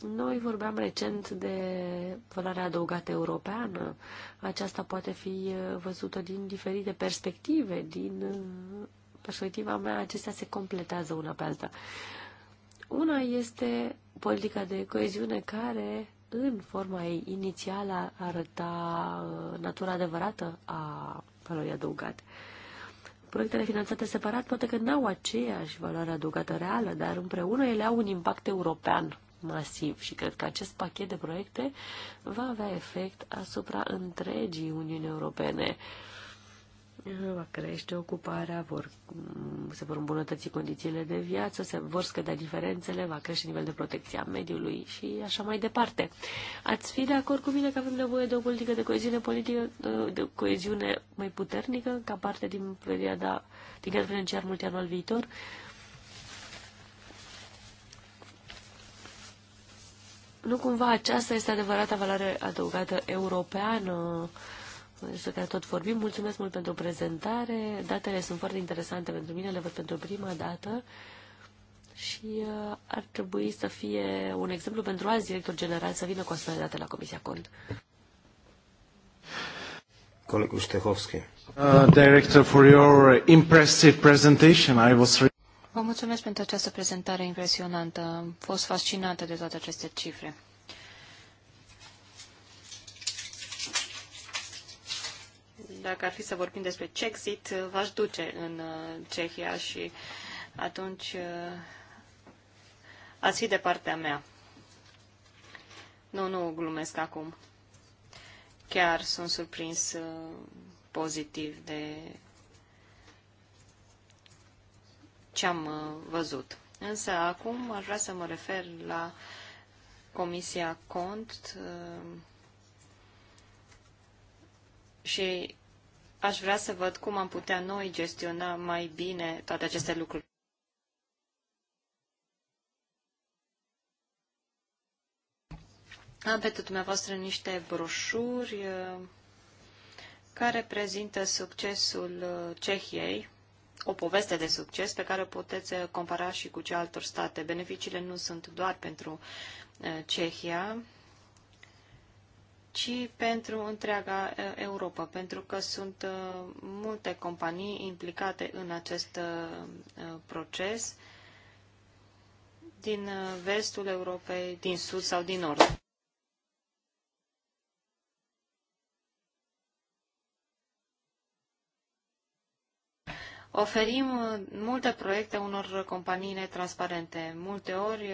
Noi vorbeam recent de valoarea adăugată europeană. Aceasta poate fi văzută din diferite perspective. Din perspectiva mea, acestea se completează una pe alta. Una este politica de coeziune care în forma ei inițială arăta uh, natura adevărată a valorii adăugate. Proiectele finanțate separat poate că n-au aceeași valoare adăugată reală, dar împreună ele au un impact european masiv și cred că acest pachet de proiecte va avea efect asupra întregii Uniuni Europene. Uh, va crește ocuparea, vor, se vor îmbunătăți condițiile de viață, se vor scădea diferențele, va crește nivelul de protecție a mediului și așa mai departe. Ați fi de acord cu mine că avem nevoie de o politică de coeziune, politică, de coeziune mai puternică ca parte din perioada din cadrul financiar multianual viitor? Nu cumva aceasta este adevărata valoare adăugată europeană? despre deci care tot vorbim. Mulțumesc mult pentru prezentare. Datele sunt foarte interesante pentru mine, le văd pentru prima dată și uh, ar trebui să fie un exemplu pentru alți directori generali să vină cu astfel de date la Comisia Cont. Colegul Ștehovski. Uh, director, for your impressive presentation, I was... Vă mulțumesc pentru această prezentare impresionantă. Am fost fascinată de toate aceste cifre. dacă ar fi să vorbim despre Cexit, v-aș duce în uh, Cehia și atunci uh, ați fi de partea mea. Nu, nu glumesc acum. Chiar sunt surprins uh, pozitiv de ce am văzut. Însă acum aș vrea să mă refer la Comisia Cont și aș vrea să văd cum am putea noi gestiona mai bine toate aceste lucruri. Am pentru dumneavoastră niște broșuri uh, care prezintă succesul uh, Cehiei, o poveste de succes pe care o puteți uh, compara și cu cea altor state. Beneficiile nu sunt doar pentru Cehia, ci pentru întreaga Europa, pentru că sunt multe companii implicate în acest proces din vestul Europei, din sud sau din nord. Oferim multe proiecte unor companii netransparente. Multe ori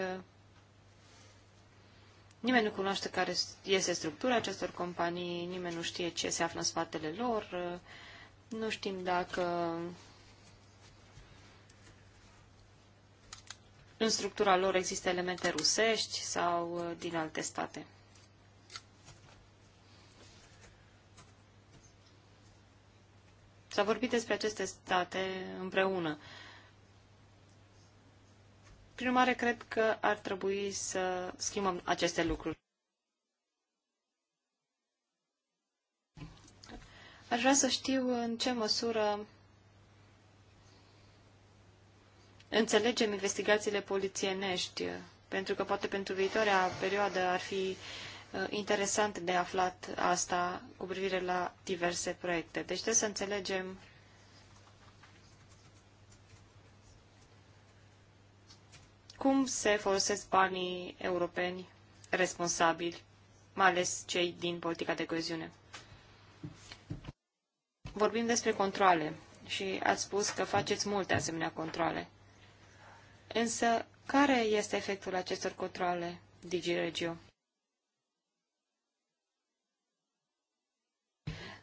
Nimeni nu cunoaște care este structura acestor companii, nimeni nu știe ce se află în spatele lor, nu știm dacă în structura lor există elemente rusești sau uh, din alte state. S-a vorbit despre aceste state împreună. Uh, prin urmare, cred că ar trebui să schimbăm aceste lucruri. Aș vrea să știu în ce măsură înțelegem investigațiile polițienești, pentru că poate pentru viitoarea perioadă ar fi uh, interesant de aflat asta cu privire la diverse proiecte. Deci trebuie să înțelegem cum se folosesc banii europeni responsabili, mai ales cei din politica de coeziune. Vorbim despre controle și ați spus că faceți multe asemenea controle. Însă, care este efectul acestor controle, DigiRegio?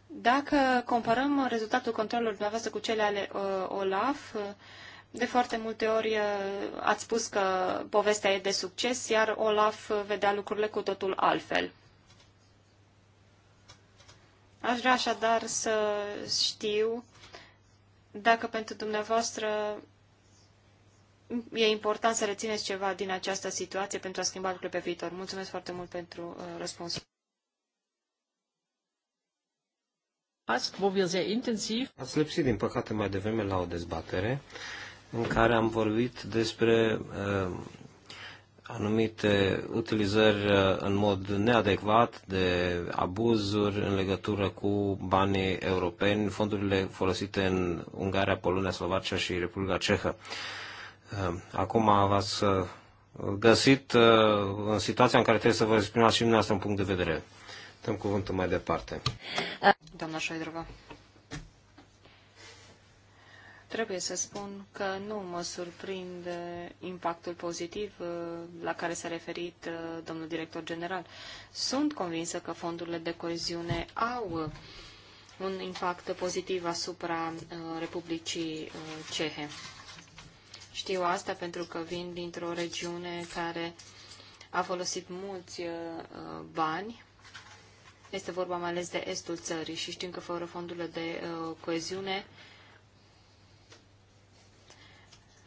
Dacă comparăm rezultatul controlelor dumneavoastră cu cele ale uh, OLAF, uh, de foarte multe ori eh, ați spus că povestea e de succes, iar Olaf vedea lucrurile cu totul altfel. Aș vrea așadar să știu dacă pentru dumneavoastră e important să rețineți ceva din această situație pentru a schimba lucrurile pe viitor. Mulțumesc foarte mult pentru eh, răspuns. Ați lipsit, din păcate, mai devreme la o dezbatere în care am vorbit despre uh, anumite utilizări uh, în mod neadecvat de abuzuri în legătură cu banii europeni, fondurile folosite în Ungaria, Polonia, Slovacia și Republica Cehă. Uh, acum v-ați găsit în situația în care trebuie să vă exprimați și dumneavoastră un punct de vedere. Dăm cuvântul mai departe. Doamna Șoidrova. Trebuie să spun că nu mă surprinde impactul pozitiv uh, la care s-a referit uh, domnul director general. Sunt convinsă că fondurile de coeziune au uh, un impact pozitiv asupra Republicii Cehe. Știu asta pentru că vin dintr-o regiune care a folosit mulți bani este vorba mai ales de estul țării și știm că fără fondurile de coeziune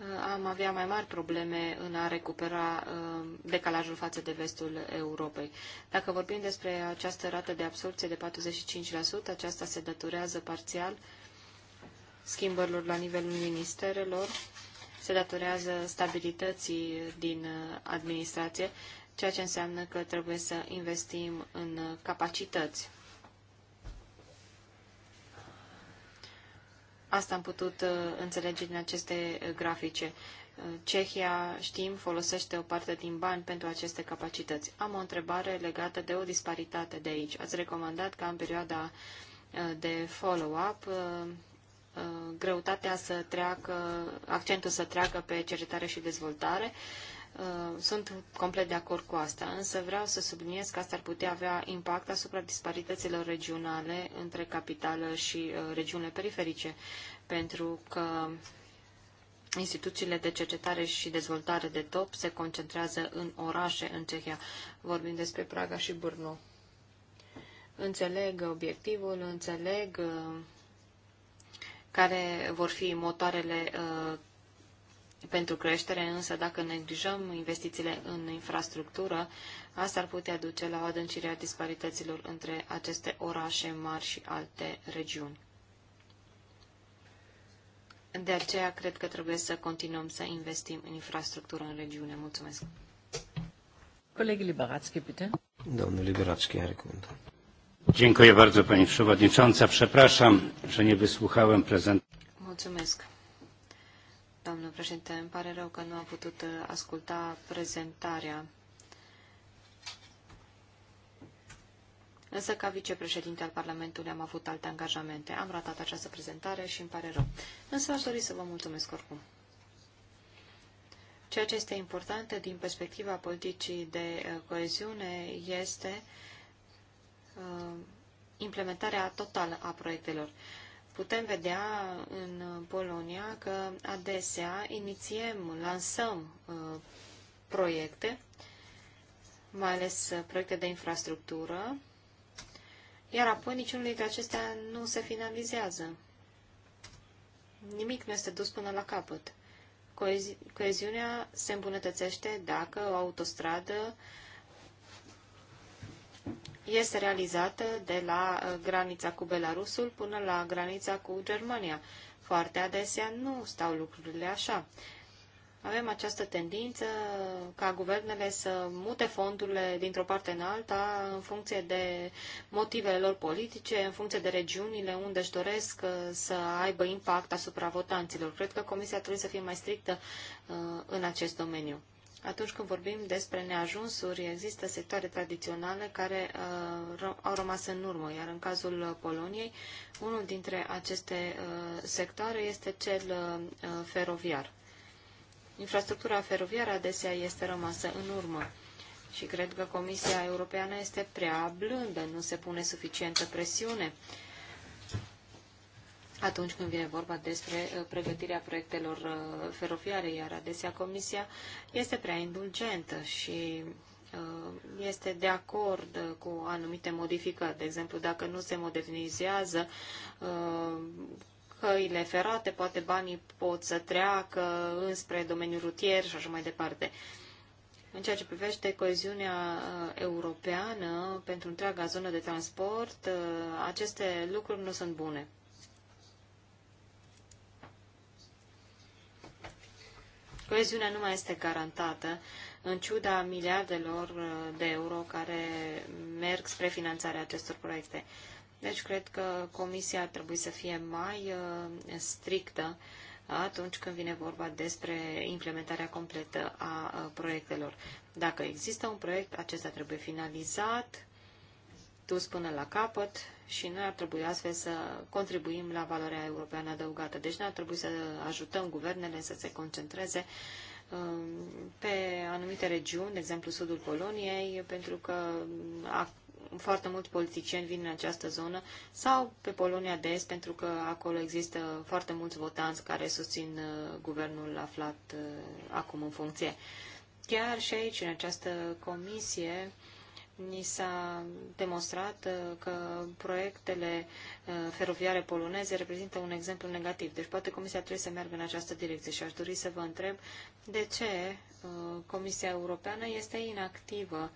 Uh, am avea mai mari probleme în a recupera uh, decalajul față de vestul Europei. Dacă vorbim despre această rată de absorpție de 45%, aceasta se datorează parțial schimbărilor la nivelul ministerelor, se datorează stabilității din uh, administrație, ceea ce înseamnă că trebuie să investim în capacități. Asta am putut uh, înțelege din aceste uh, grafice. Uh, Cehia, știm, folosește o parte din bani pentru aceste capacități. Am o întrebare legată de o disparitate de aici. Ați recomandat ca în perioada de follow-up greutatea să treacă, accentul să treacă pe cercetare și dezvoltare Uh, sunt complet de acord cu asta, însă vreau să subliniez că asta ar putea avea impact asupra disparităților regionale între capitală și uh, regiunile periferice, pentru că instituțiile de cercetare și dezvoltare de top se concentrează în orașe în Cehia. Vorbim despre Praga și Brno. Înțeleg obiectivul, înțeleg uh, care vor fi motoarele pentru creștere, însă dacă neglijăm investițiile în infrastructură, asta ar putea duce la o adâncire a disparităților între aceste orașe mari și alte regiuni. De aceea cred că trebuie să continuăm să investim în infrastructură în regiune. Mulțumesc. Colegii Liberacki, bitte. Domnul Liberacki are cuvântul. Dziękuję bardzo Pani Przewodnicząca. Przepraszam, że nie wysłuchałem prezentacji. Mulțumesc. Doamnă președinte, îmi pare rău că nu a putut uh, asculta prezentarea. Însă, ca vicepreședinte al Parlamentului, am avut alte angajamente. Am ratat această prezentare și îmi pare rău. Însă aș dori să vă mulțumesc oricum. Ceea ce este important din perspectiva politicii de uh, coeziune este uh, implementarea totală a proiectelor putem vedea în Polonia că adesea inițiem, lansăm uh, proiecte, mai ales uh, proiecte de infrastructură, iar apoi niciunul dintre acestea nu se finalizează. Nimic nu este dus până la capăt. Coezi- coeziunea se îmbunătățește dacă o autostradă uh, este realizată de la uh, granița cu Belarusul până la granița cu Germania. Foarte adesea nu stau lucrurile așa. Avem această tendință ca guvernele să mute fondurile dintr-o parte în alta în funcție de motivele lor politice, în funcție de regiunile unde își doresc uh, să aibă impact asupra votanților. Cred că Comisia trebuie să fie mai strictă uh, în acest domeniu. Atunci când vorbim despre neajunsuri, există sectoare tradiționale care uh, au rămas în urmă, iar în cazul uh, Poloniei, unul dintre aceste uh, sectoare este cel uh, uh, feroviar. Infrastructura feroviară adesea este rămasă în urmă și cred că Comisia Europeană este prea blândă, nu se pune suficientă presiune. Uh, atunci când vine vorba despre uh, pregătirea proiectelor uh, feroviare, iar adesea Comisia este prea indulgentă și uh, este de acord cu anumite modificări. De exemplu, dacă nu se modernizează căile ferate, poate banii pot să treacă înspre domeniul rutier și așa mai departe. În ceea ce privește coeziunea europeană pentru întreaga zonă de transport, aceste lucruri nu sunt bune. Coeziunea nu mai este garantată, în ciuda miliardelor uh, de euro care merg spre finanțarea acestor proiecte. Deci cred că Comisia ar trebui să fie mai uh, strictă atunci când vine vorba despre implementarea completă a uh, proiectelor. Dacă există un proiect, acesta trebuie finalizat, dus până la capăt și noi ar trebui astfel să contribuim la valoarea europeană adăugată. Deci noi ar trebui să ajutăm guvernele să se concentreze um, pe anumite regiuni, de exemplu sudul Poloniei, pentru că foarte mulți politicieni vin în această zonă sau pe Polonia de Est, pentru că acolo există foarte mulți votanți care susțin uh, guvernul aflat uh, acum în funcție. Chiar și aici, în această comisie, ni s-a demonstrat uh, că proiectele uh, feroviare poloneze reprezintă un exemplu negativ. Deci poate Comisia trebuie să meargă în această direcție și aș dori să vă întreb de ce uh, Comisia Europeană este inactivă.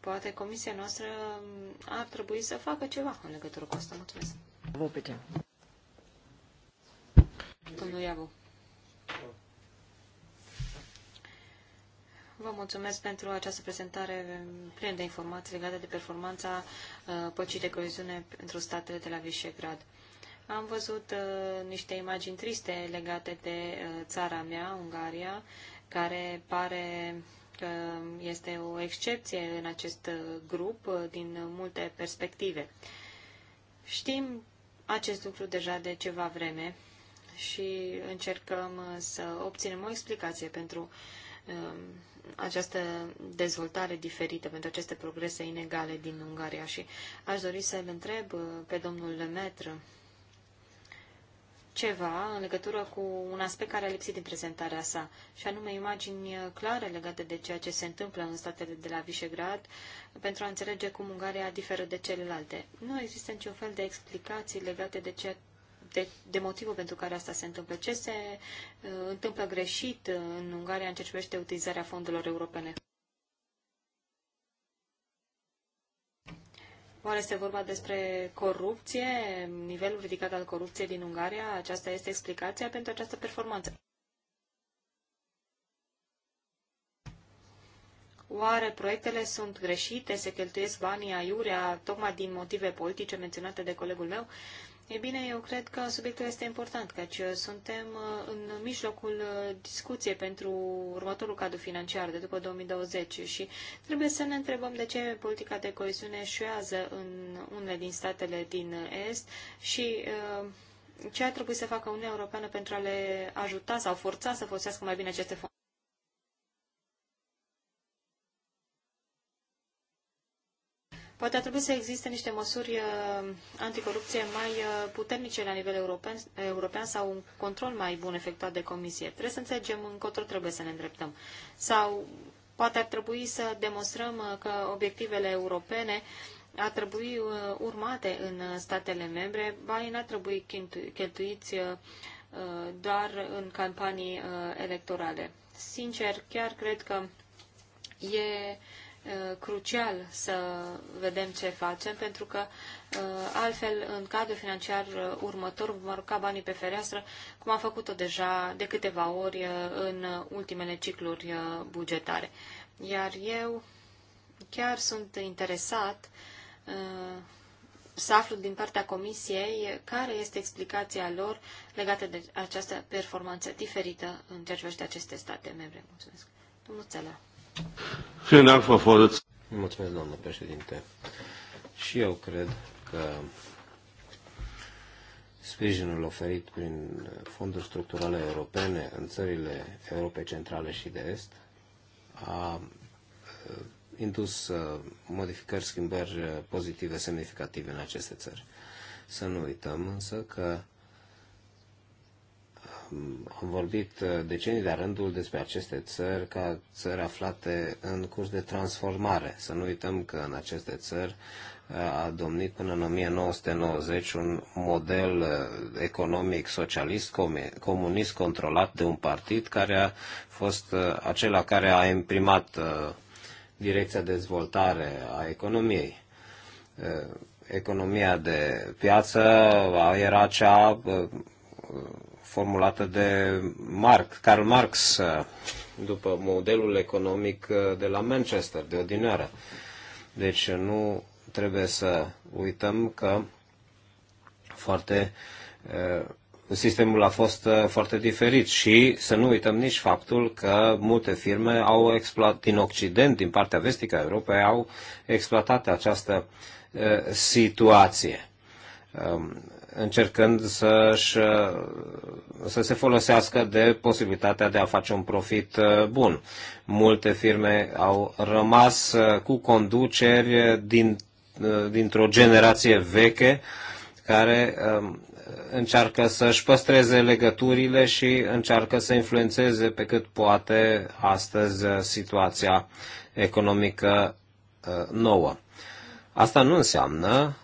Poate Comisia noastră um, ar trebui să facă ceva în legătură cu asta. Mulțumesc. Vă Domnul Iavu. Vă mulțumesc pentru această prezentare plină de informații legate de performanța uh, păcii de coeziune pentru statele de la Visegrad. Am văzut uh, niște imagini triste legate de uh, țara mea, Ungaria, care pare că este o excepție în acest grup din multe perspective. Știm acest lucru deja de ceva vreme și încercăm să obținem o explicație pentru uh, Um, această dezvoltare diferită, pentru aceste progrese inegale din Ungaria. Și aș dori să îl întreb uh, pe domnul Lemetră ceva în legătură cu un aspect care a lipsit din prezentarea sa, și anume imagini uh, clare legate de ceea ce se întâmplă în statele de la Visegrad pentru a înțelege cum Ungaria diferă de celelalte. Nu există niciun fel de explicații legate de ceea de, de motivul pentru care asta se întâmplă. Ce se uh, întâmplă greșit în Ungaria în ce privește utilizarea fondurilor europene? Oare este vorba despre corupție, nivelul ridicat al corupției din Ungaria? Aceasta este explicația pentru această performanță. Oare proiectele sunt greșite, se cheltuiesc banii aiurea, tocmai din motive politice menționate de colegul meu? Uh, E bine, eu cred că subiectul este important, căci uh, suntem uh, în mijlocul uh, discuției pentru următorul cadru financiar de după 2020 și trebuie să ne întrebăm de ce politica de coeziune șuează în unele din statele din Est și ce ar trebui să facă Uniunea Europeană pentru a le ajuta sau forța să folosească mai bine aceste fonduri. Poate ar trebui să existe niște măsuri uh, anticorupție mai uh, puternice la nivel european, european sau un control mai bun efectuat de comisie. Trebuie să înțelegem încotro trebuie să ne îndreptăm. Sau poate ar trebui să demonstrăm uh, că obiectivele europene ar trebui urmate în statele membre. Banii n-ar trebui cheltuiți doar în campanii electorale. Sincer, chiar cred că e Uh, crucial să vedem ce facem, pentru că uh, altfel, în cadrul financiar uh, următor, vom arunca banii pe fereastră, cum am făcut-o deja de câteva ori în ultimele cicluri bugetare. Iar eu chiar sunt interesat să aflu din partea comisiei care este explicația lor legată de această performanță diferită în ceea ce aceste state membre. Mulțumesc. Domnul Țela. Mulțumesc, domnule președinte. Și eu cred că sprijinul oferit prin fonduri structurale europene în țările Europei Centrale și de Est a indus modificări, schimbări pozitive semnificative în aceste țări. Să nu uităm însă că am vorbit uh, decenii de rândul despre aceste țări ca țări aflate în curs de transformare. Să nu uităm că în aceste țări uh, a domnit până în 1990 un model uh, economic socialist comunist controlat de un partid care a fost acela care a imprimat direcția de dezvoltare a economiei economia de piață era cea formulată de Marx, Karl Marx, după modelul economic uh, de la Manchester, de odinioară. Deci uh, nu trebuie să uităm că foarte uh, sistemul a fost foarte diferit și să nu uităm nici faptul că multe firme au exploatat, din Occident, din partea vestică a Europei, au exploatat această situație. Um, încercând să, să se folosească de posibilitatea de a face un profit uh, bun. Multe firme au rămas uh, cu conduceri din, uh, dintr-o generație veche care um, încearcă să-și păstreze legăturile și încearcă să influențeze pe cât poate astăzi situația economică nouă. Asta nu înseamnă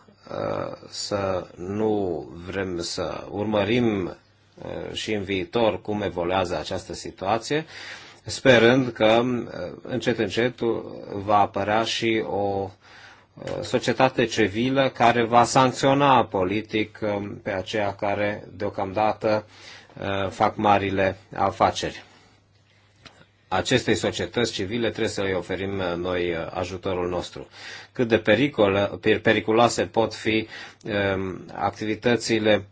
să nu vrem să urmărim uh, și în viitor cum evoluează această situație, sperând că uh, încet încet va apărea și o uh, societate civilă care va sancționa politic pe aceia care deocamdată fac marile afaceri acestei societăți civile trebuie să îi oferim uh, noi uh, ajutorul nostru. Cât de pericol, uh, periculoase pot fi um, activitățile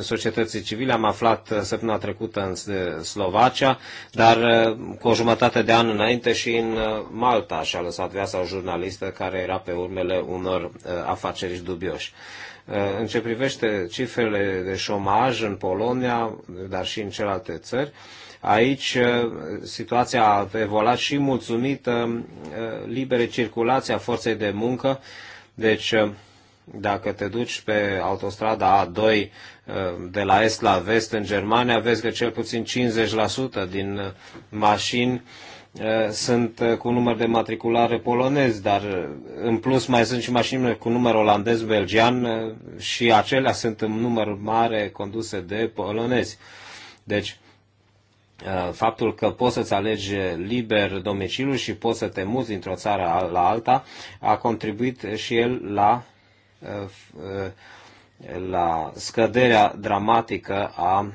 societății civile. Am aflat săptămâna trecută în Slovacia, dar cu o jumătate de an înainte și în Malta și-a lăsat viața o jurnalistă care era pe urmele unor afaceri dubioși. În ce privește cifrele de șomaj în Polonia, dar și în celelalte țări, Aici uh, situația a evoluat și mulțumită uh, libere circulații a forței de muncă. Deci, uh, dacă te duci pe autostrada A2 de la est la vest în Germania, vezi că cel puțin 50% din mașini sunt cu număr de matriculare polonez, dar în plus mai sunt și mașinile cu număr olandez-belgian și acelea sunt în număr mare conduse de polonezi. Deci, Uh, faptul că poți să-ți alegi liber domiciliul și poți să te muți dintr-o țară la alta, a contribuit și el la, uh, uh, la scăderea dramatică a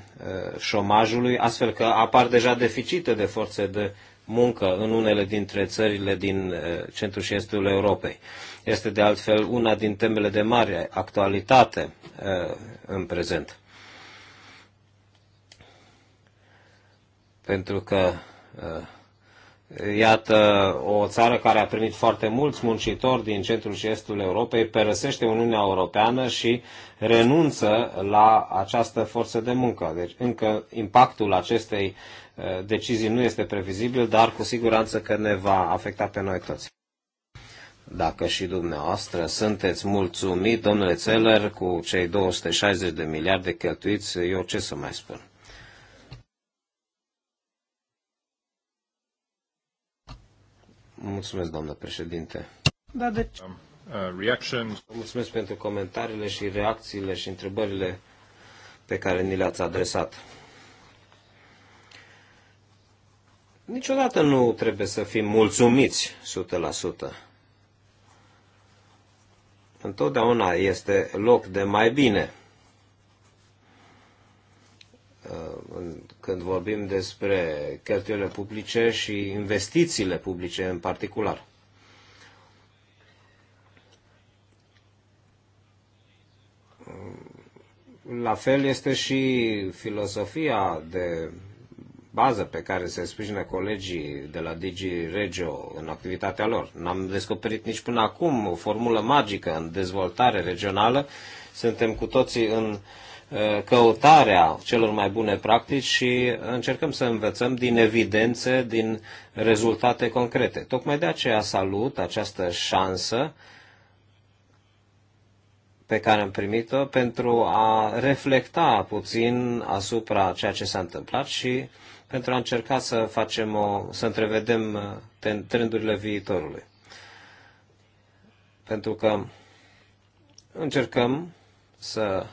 șomajului, astfel că apar deja deficite de forțe de muncă în unele dintre țările din centrul și estul Europei. Este de altfel una din temele de mare actualitate în prezent. pentru că uh, Iată, o țară care a primit foarte mulți muncitori din centrul și estul Europei părăsește Uniunea Europeană și renunță la această forță de muncă. Deci încă impactul acestei uh, decizii nu este previzibil, dar cu siguranță că ne va afecta pe noi toți. Dacă și dumneavoastră sunteți mulțumit, domnule Țeler, cu cei 260 de miliarde cheltuiți, eu ce să mai spun? Mulțumesc, doamnă președinte. Da, deci... Um, uh, Reaction. Mulțumesc pentru comentariile și reacțiile și întrebările pe care ni le-ați adresat. Niciodată nu trebuie să fim mulțumiți 100%. Întotdeauna este loc de mai bine uh, în când vorbim despre cheltuielile publice și investițiile publice în particular. La fel este și filosofia de bază pe care se sprijină colegii de la Digi Regio în activitatea lor. N-am descoperit nici până acum o formulă magică în dezvoltare regională. Suntem cu toții în uh, Uh, căutarea celor mai bune practici și încercăm să învățăm din evidențe, din rezultate concrete. Tocmai de aceea salut această șansă pe care am primit-o pentru a reflecta puțin asupra ceea ce s-a întâmplat și pentru a încerca să facem o, să întrevedem uh, trendurile viitorului. Pentru că încercăm să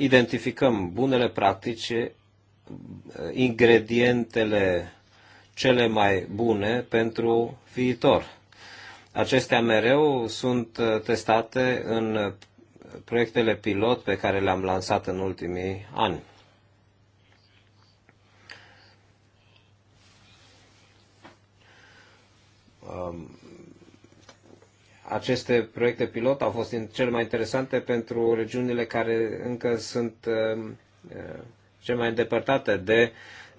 identificăm bunele practici, eh, ingredientele cele mai bune pentru viitor. Acestea mereu sunt eh, testate în eh, proiectele pilot pe care le-am lansat în ultimii ani. Um, aceste proiecte pilot au fost cel mai interesante pentru regiunile care încă sunt uh, uh, cel mai îndepărtate de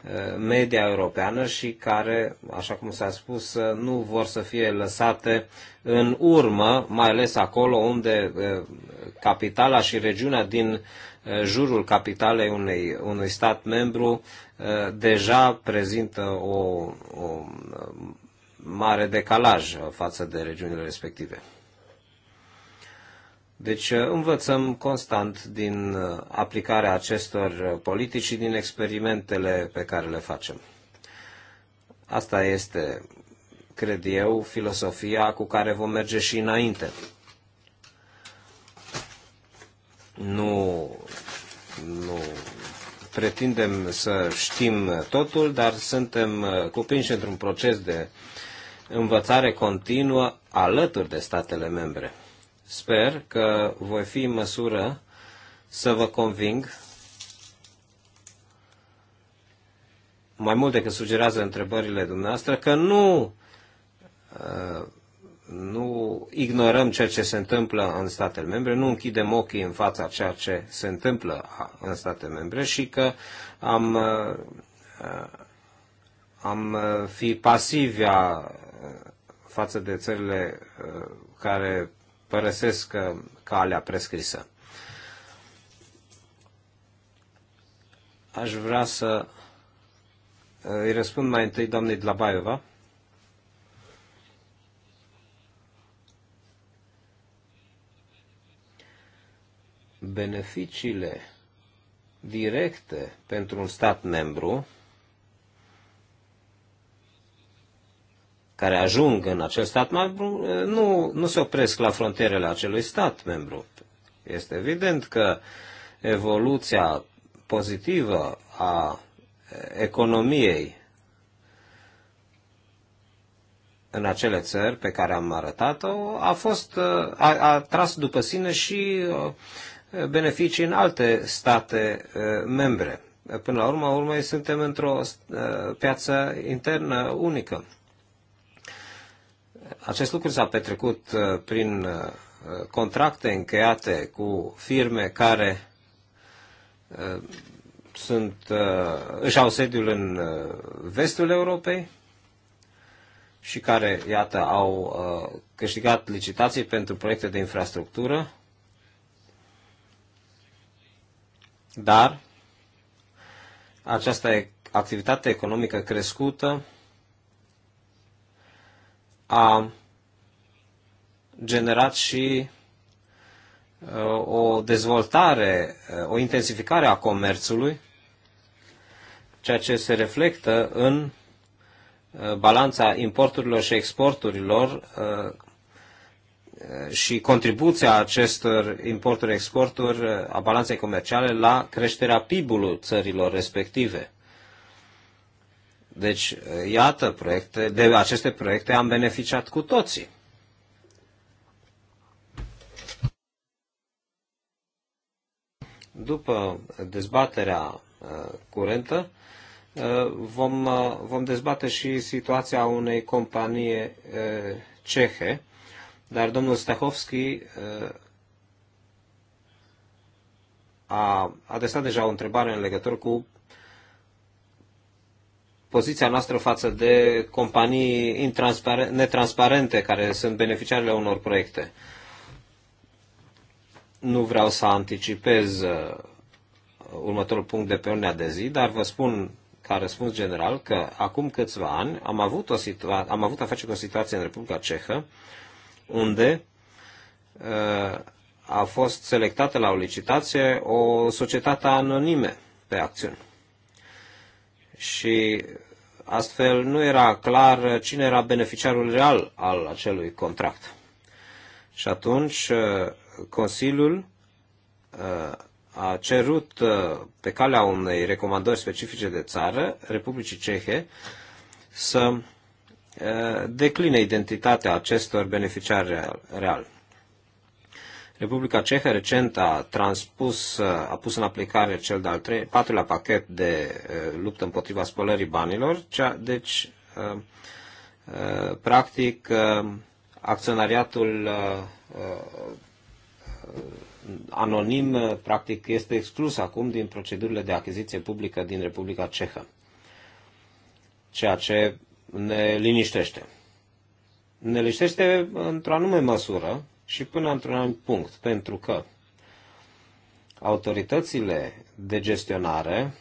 uh, media europeană și care, așa cum s-a spus, nu vor să fie lăsate în urmă, mai ales acolo unde capitala și regiunea din jurul capitalei unei, unui stat membru deja prezintă o, o mare decalaj față de regiunile respective. Deci uh, învățăm constant din uh, aplicarea acestor uh, politici și din experimentele pe care le facem. Asta este, cred eu, filosofia cu care vom merge și înainte. Nu, nu pretindem să știm totul, dar suntem cuprinși într-un proces de uh, învățare continuă alături de statele membre. Sper că voi fi în măsură să vă conving mai mult decât sugerează întrebările dumneavoastră, că nu, uh, nu ignorăm ceea ce se întâmplă în statele membre, nu închidem ochii în fața ceea ce se întâmplă în statele membre și că am, uh, uh, am fi pasivi a față de țările uh, care părăsesc uh, calea prescrisă. Aș vrea să uh, îi răspund mai întâi doamnei de la Baiova. Beneficiile directe pentru un stat membru care ajung în acel stat membru nu, nu se opresc la frontierele acelui stat membru. Este evident că evoluția pozitivă a economiei în acele țări pe care am arătat-o a, fost, a, a tras după sine și beneficii în alte state membre. Până la urmă, urmă suntem într-o piață internă unică. Acest lucru s-a petrecut uh, prin uh, contracte încheiate cu firme care uh, sunt, își au sediul în vestul Europei și care, iată, au câștigat licitații pentru proiecte de infrastructură, dar această activitate economică crescută a generat și uh, o dezvoltare, uh, o intensificare a comerțului, ceea ce se reflectă în uh, balanța importurilor și exporturilor și contribuția acestor importuri-exporturi a balanței comerciale la creșterea PIB-ului țărilor respective. Deci, iată, proiecte, de aceste proiecte am beneficiat cu toții. După dezbaterea uh, curentă, uh, vom, uh, vom dezbate și situația unei companii cehe, dar domnul Stahovski a adresat deja o întrebare în legătură cu poziția noastră față de companii netransparente care sunt beneficiarele unor proiecte. Nu vreau să anticipez uh, următorul punct de pe ordinea de zi, dar vă spun ca răspuns general că acum câțiva ani am avut, o situa- am avut a face cu o situație în Republica Cehă unde uh, a fost selectată la o licitație o societate anonime pe acțiuni și astfel nu era clar cine era beneficiarul real al acelui contract. Și atunci uh, Consiliul uh, a cerut uh, pe calea unei recomandări specifice de țară, Republicii Cehe, să decline identitatea acestor beneficiari real. Republica Cehă recent a transpus, a pus în aplicare cel de-al patrulea pachet de luptă împotriva spălării banilor, cea, deci practic acționariatul anonim practic este exclus acum din procedurile de achiziție publică din Republica Cehă, ceea ce ne liniștește. Ne liniștește într-o anume măsură, și până într-un anumit punct, pentru că autoritățile de gestionare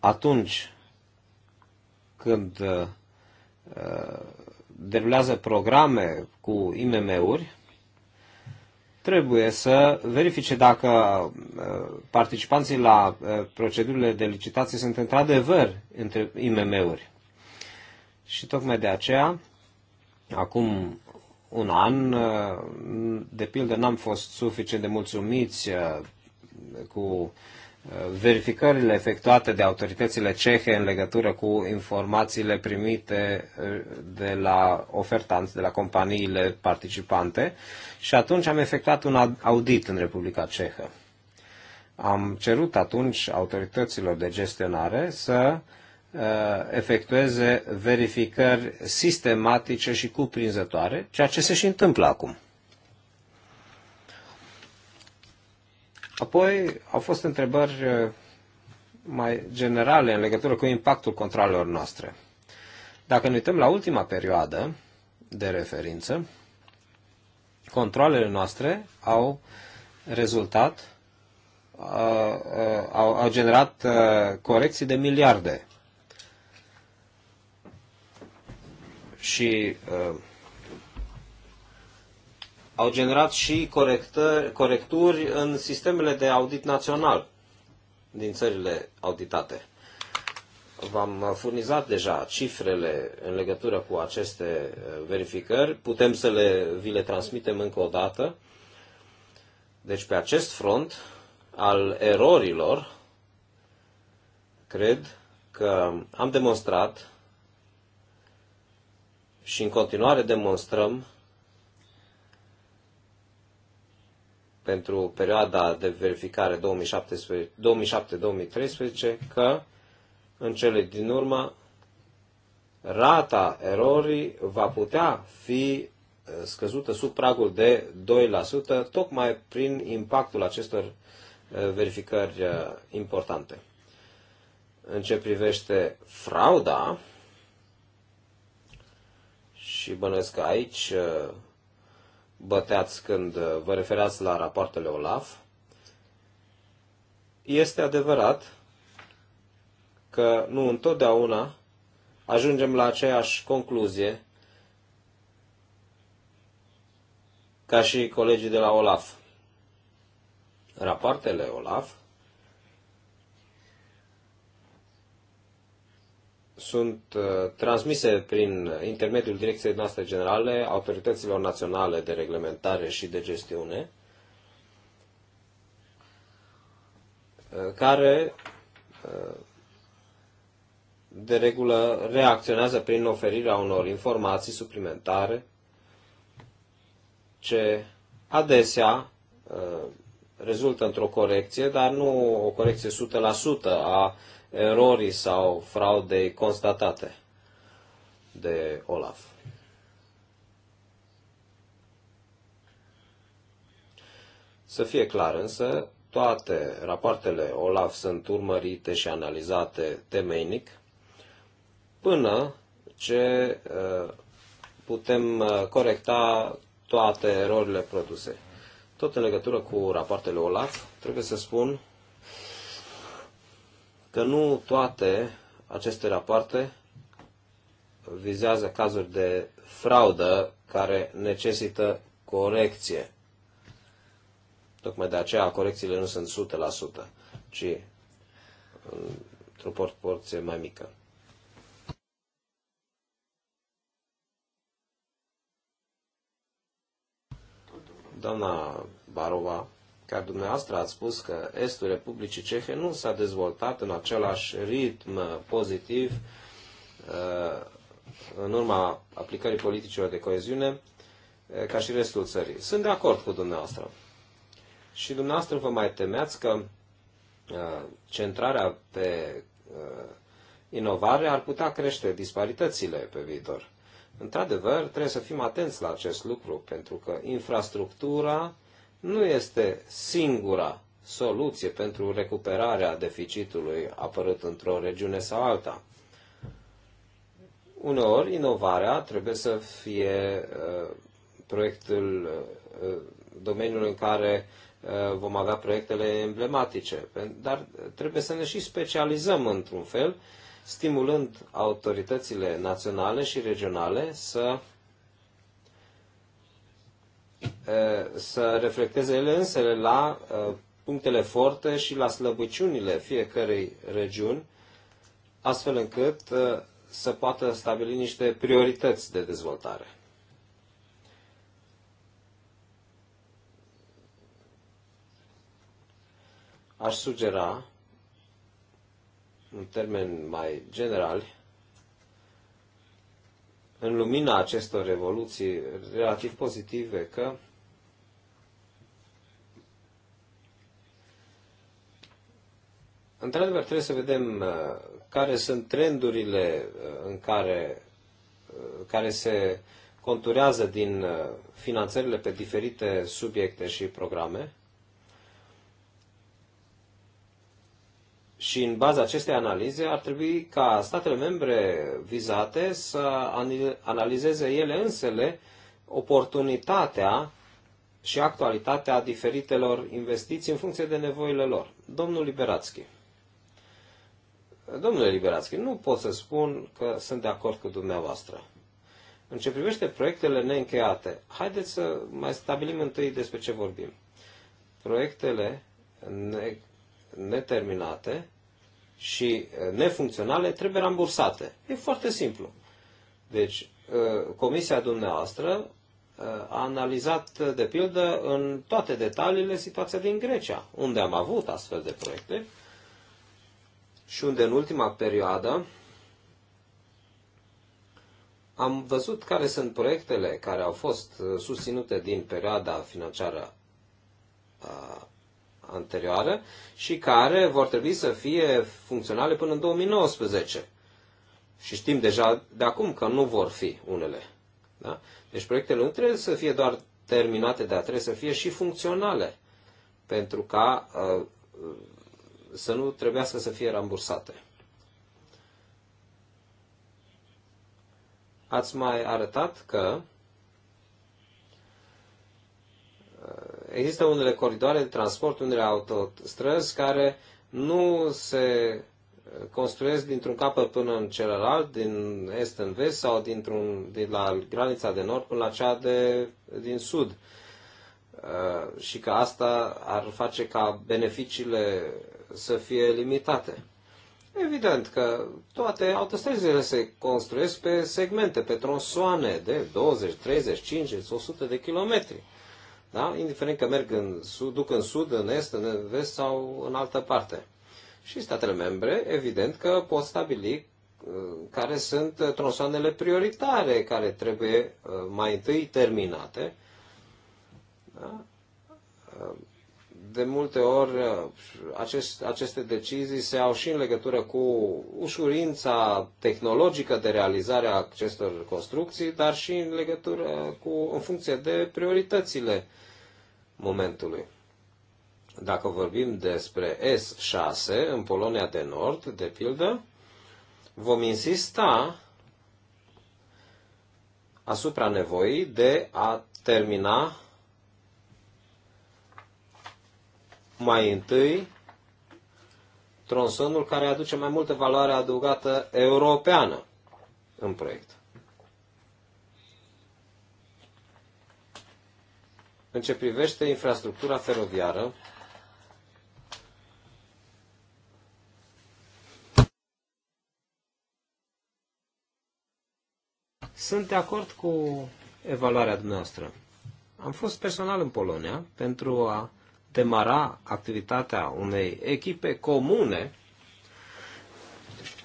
atunci când uh, derulează programe cu IMM-uri, trebuie să verifice dacă uh, participanții la uh, procedurile de licitație sunt într-adevăr între IMM-uri. Și tocmai de aceea Acum un an, uh, de pildă, n-am fost suficient de mulțumiți uh, cu uh, verificările efectuate de autoritățile cehe în legătură cu informațiile primite de la ofertanți, de la companiile participante și atunci am efectuat un audit în Republica Cehă. Am cerut atunci autorităților de gestionare să uh, Uh, efectueze verificări sistematice și cuprinzătoare, ceea ce se și întâmplă acum. Apoi au fost întrebări uh, mai generale în legătură cu impactul controlelor noastre. Dacă ne uităm la ultima perioadă de referință, controlele noastre au rezultat, uh, au, au generat corecții de miliarde și uh, au generat și corecturi în sistemele de audit național din țările auditate. V-am furnizat deja cifrele în legătură cu aceste uh, verificări. Putem să le, vi le transmitem încă o dată. Deci pe acest front al erorilor, cred că am demonstrat și în continuare demonstrăm pentru perioada de verificare 2007-2013 că în cele din urmă rata erorii va putea fi uh, scăzută sub pragul de 2%, tocmai prin impactul acestor uh, verificări uh, importante. În ce privește frauda, și bănuiesc că aici uh, băteați când uh, vă referați la rapoartele OLAF. Este adevărat că nu întotdeauna ajungem la aceeași concluzie ca și colegii de la OLAF. Rapoartele OLAF sunt uh, transmise prin intermediul direcției noastre generale autorităților naționale de reglementare și de gestiune, uh, care uh, de regulă reacționează prin oferirea unor informații suplimentare ce adesea rezultă într-o corecție, dar nu o corecție 100% a erorii sau fraudei constatate de Olaf. Să fie clar însă, toate rapoartele OLAF sunt urmărite și analizate temeinic până ce uh, putem uh, corecta toate erorile produse. Tot în legătură cu rapoartele OLAF, trebuie să spun că nu toate aceste rapoarte vizează cazuri de fraudă care necesită corecție. Tocmai de aceea corecțiile nu sunt 100%, ci într-o proporție mai mică. Doamna Barova ca dumneavoastră ați spus că Estul Republicii Cehe nu s-a dezvoltat în același ritm pozitiv uh, în urma aplicării politicilor de coeziune uh, ca și restul țării. Sunt de acord cu dumneavoastră. Și dumneavoastră vă mai temeați că uh, centrarea pe inovare ar putea crește disparitățile pe viitor. Într-adevăr, trebuie să fim atenți la acest lucru, pentru că infrastructura nu este singura soluție pentru recuperarea deficitului apărut într-o regiune sau alta. Uneori, inovarea trebuie să fie uh, proiectul, uh, domeniul în care uh, vom avea proiectele emblematice, dar trebuie să ne și specializăm într-un fel, stimulând autoritățile naționale și regionale să uh, Uh, să reflecteze ele însele la uh, punctele forte și la slăbiciunile fiecărei regiuni, astfel încât uh, să poată stabili niște priorități de dezvoltare. Aș sugera, în termeni mai generali, în lumina acestor revoluții relativ pozitive că într-adevăr trebuie să vedem uh, care sunt trendurile uh, în care, uh, care se conturează din finanțările pe diferite subiecte și programe Și în baza acestei analize ar trebui ca statele membre vizate să analizeze ele însele oportunitatea și actualitatea diferitelor investiții în funcție de nevoile lor. Domnul Liberațchi. Domnule Liberațchi, nu pot să spun că sunt de acord cu dumneavoastră. În ce privește proiectele neîncheiate, haideți să mai stabilim întâi despre ce vorbim. Proiectele ne- neterminate și uh, nefuncționale trebuie rambursate. E foarte simplu. Deci, uh, comisia dumneavoastră uh, a analizat, de pildă, în toate detaliile situația din Grecia, unde am avut astfel de proiecte și unde în ultima perioadă am văzut care sunt proiectele care au fost susținute din perioada financiară anterioară și care vor trebui să fie funcționale până în 2019. Și știm deja de acum că nu vor fi unele. Da? Deci proiectele nu trebuie să fie doar terminate, dar trebuie să fie și funcționale, pentru ca uh, să nu trebuiască să fie rambursate. Ați mai arătat că uh, există unele coridoare de transport, unele autostrăzi care nu se construiesc dintr-un capăt până în celălalt, din est în vest sau dintr-un, din la granița de nord până la cea de, din sud. Uh, și că asta ar face ca beneficiile să fie limitate. Evident că toate autostrăzile se construiesc pe segmente, pe tronsoane de 20, 30, 50, 100 de kilometri da? indiferent că merg în sud, duc în sud, în est, în vest sau în altă parte. Și statele membre, evident că pot stabili uh, care sunt tronsoanele prioritare care trebuie uh, mai întâi terminate. Da? Uh, de multe ori uh, acest, aceste decizii se au și în legătură cu ușurința tehnologică de realizare a acestor construcții, dar și în legătură cu, în funcție de prioritățile momentului. Dacă vorbim despre S6 în Polonia de Nord, de pildă, vom insista asupra nevoii de a termina mai întâi tronsonul care aduce mai multă valoare adăugată europeană în proiect. În ce privește infrastructura feroviară, sunt de acord cu evaluarea dumneavoastră. Am fost personal în Polonia pentru a demara activitatea unei echipe comune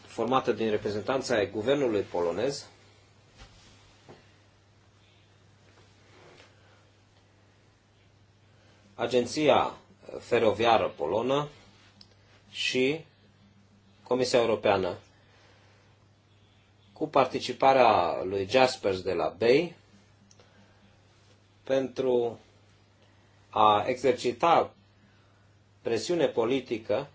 formată din reprezentanța ai guvernului polonez Agenția Feroviară Polonă și Comisia Europeană. Cu participarea lui Jaspers de la Bay pentru a exercita presiune politică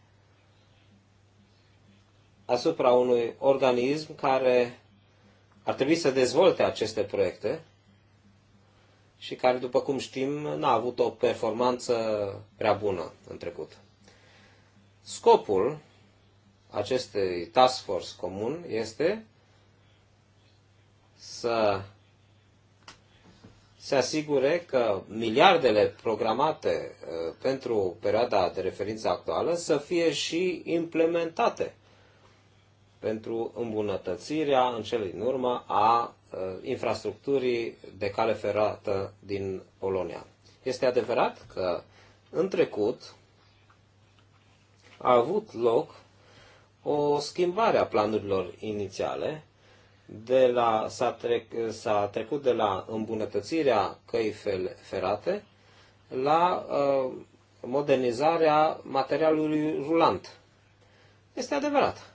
asupra unui organism care ar trebui să dezvolte aceste proiecte și care, după cum știm, n-a avut o performanță prea bună în trecut. Scopul acestei task force comun este să se asigure că miliardele programate uh, pentru perioada de referință actuală să fie și implementate pentru îmbunătățirea în cele din urmă a uh, infrastructurii de cale ferată din Polonia. Este adevărat că în trecut a avut loc o schimbare a planurilor inițiale de la, s-a, trec, s-a trecut de la îmbunătățirea căi ferate la uh, modernizarea materialului rulant. Este adevărat.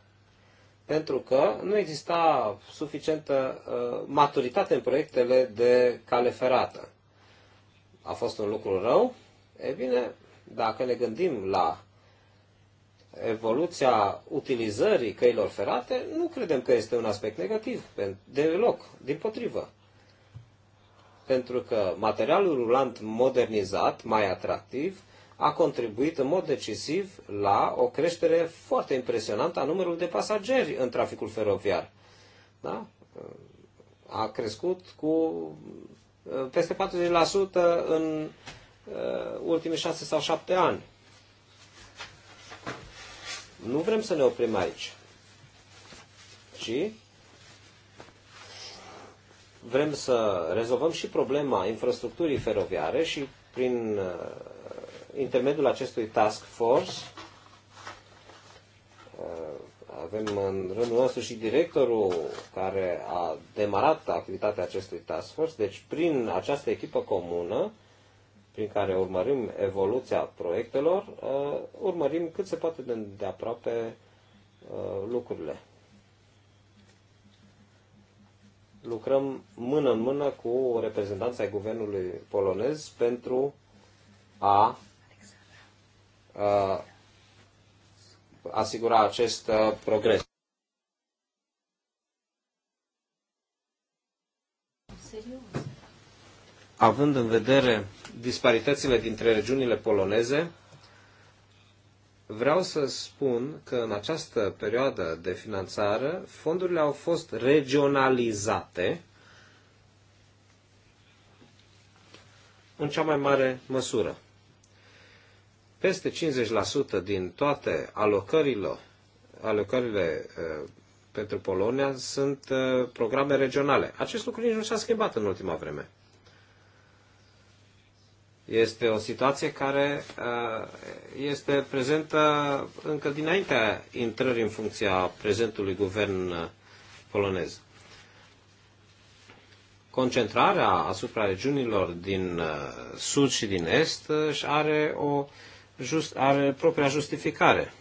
Pentru că nu exista suficientă uh, maturitate în proiectele de cale ferată. A fost un lucru rău? E bine, dacă ne gândim la evoluția utilizării căilor ferate, nu credem că este un aspect negativ, deloc, din potrivă. Pentru că materialul rulant modernizat, mai atractiv, a contribuit în mod decisiv la o creștere foarte impresionantă a numărului de pasageri în traficul feroviar. Da? A crescut cu uh, peste 40% în uh, ultimii 6 sau 7 ani. Nu vrem să ne oprim aici, ci vrem să rezolvăm și problema infrastructurii feroviare și prin uh, intermediul acestui task force uh, avem în rândul nostru și directorul care a demarat activitatea acestui task force, deci prin această echipă comună prin care urmărim evoluția proiectelor, uh, urmărim cât se poate de, de aproape uh, lucrurile. Lucrăm mână în mână cu reprezentanța guvernului polonez pentru a, a uh, asigura acest uh, progres. Având în vedere disparitățile dintre regiunile poloneze, vreau să spun că în această perioadă de finanțare fondurile au fost regionalizate în cea mai mare măsură. Peste 50% din toate alocările, alocările uh, pentru Polonia sunt uh, programe regionale. Acest lucru nici nu s-a schimbat în ultima vreme. Este o situație care uh, este prezentă încă dinaintea intrării în funcția prezentului guvern uh, polonez. Concentrarea asupra regiunilor din uh, sud și din est își are, o just, are propria justificare.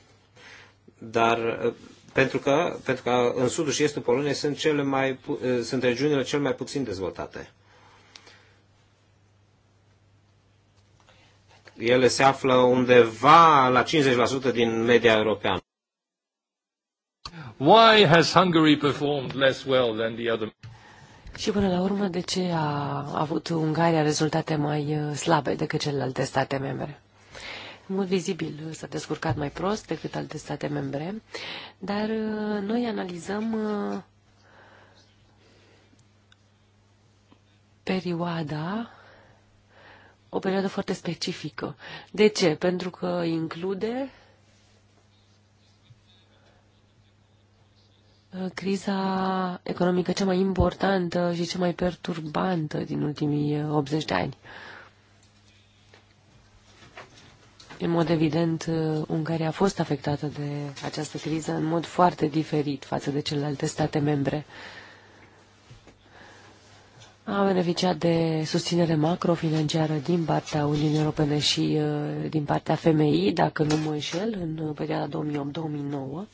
Dar pentru că, pentru că în sudul și estul Poloniei sunt, cele mai, sunt regiunile cel mai puțin dezvoltate. ele se află undeva la 50% din media europeană. Why has Hungary performed less well than the other? Și până la urmă, de ce a avut Ungaria rezultate mai uh, slabe decât celelalte state membre? În mod vizibil uh, s-a descurcat mai prost decât alte state membre, dar uh, noi analizăm perioada o perioadă foarte specifică. De ce? Pentru că include uh, criza economică cea mai importantă și cea mai perturbantă din ultimii 80 uh, de ani. În mod evident, uh, Ungaria a fost afectată de această criză în mod foarte diferit față de celelalte state membre. Uh, a beneficiat de susținere macrofinanciară din partea Uniunii Europene și uh, din partea FMI, dacă nu mă înșel, în uh, perioada 2008-2009.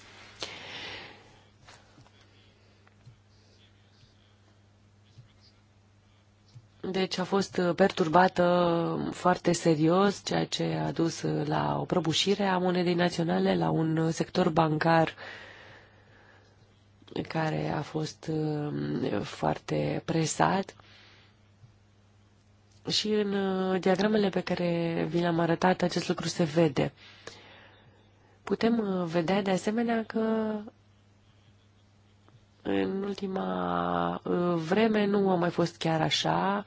Deci a fost uh, perturbată foarte serios, ceea ce a dus la o prăbușire a monedei naționale, la un sector bancar uh, care a fost uh, foarte presat. Și în uh, diagramele pe care vi le-am arătat, acest lucru se vede. Putem uh, vedea de asemenea că în ultima vreme nu a mai fost chiar așa.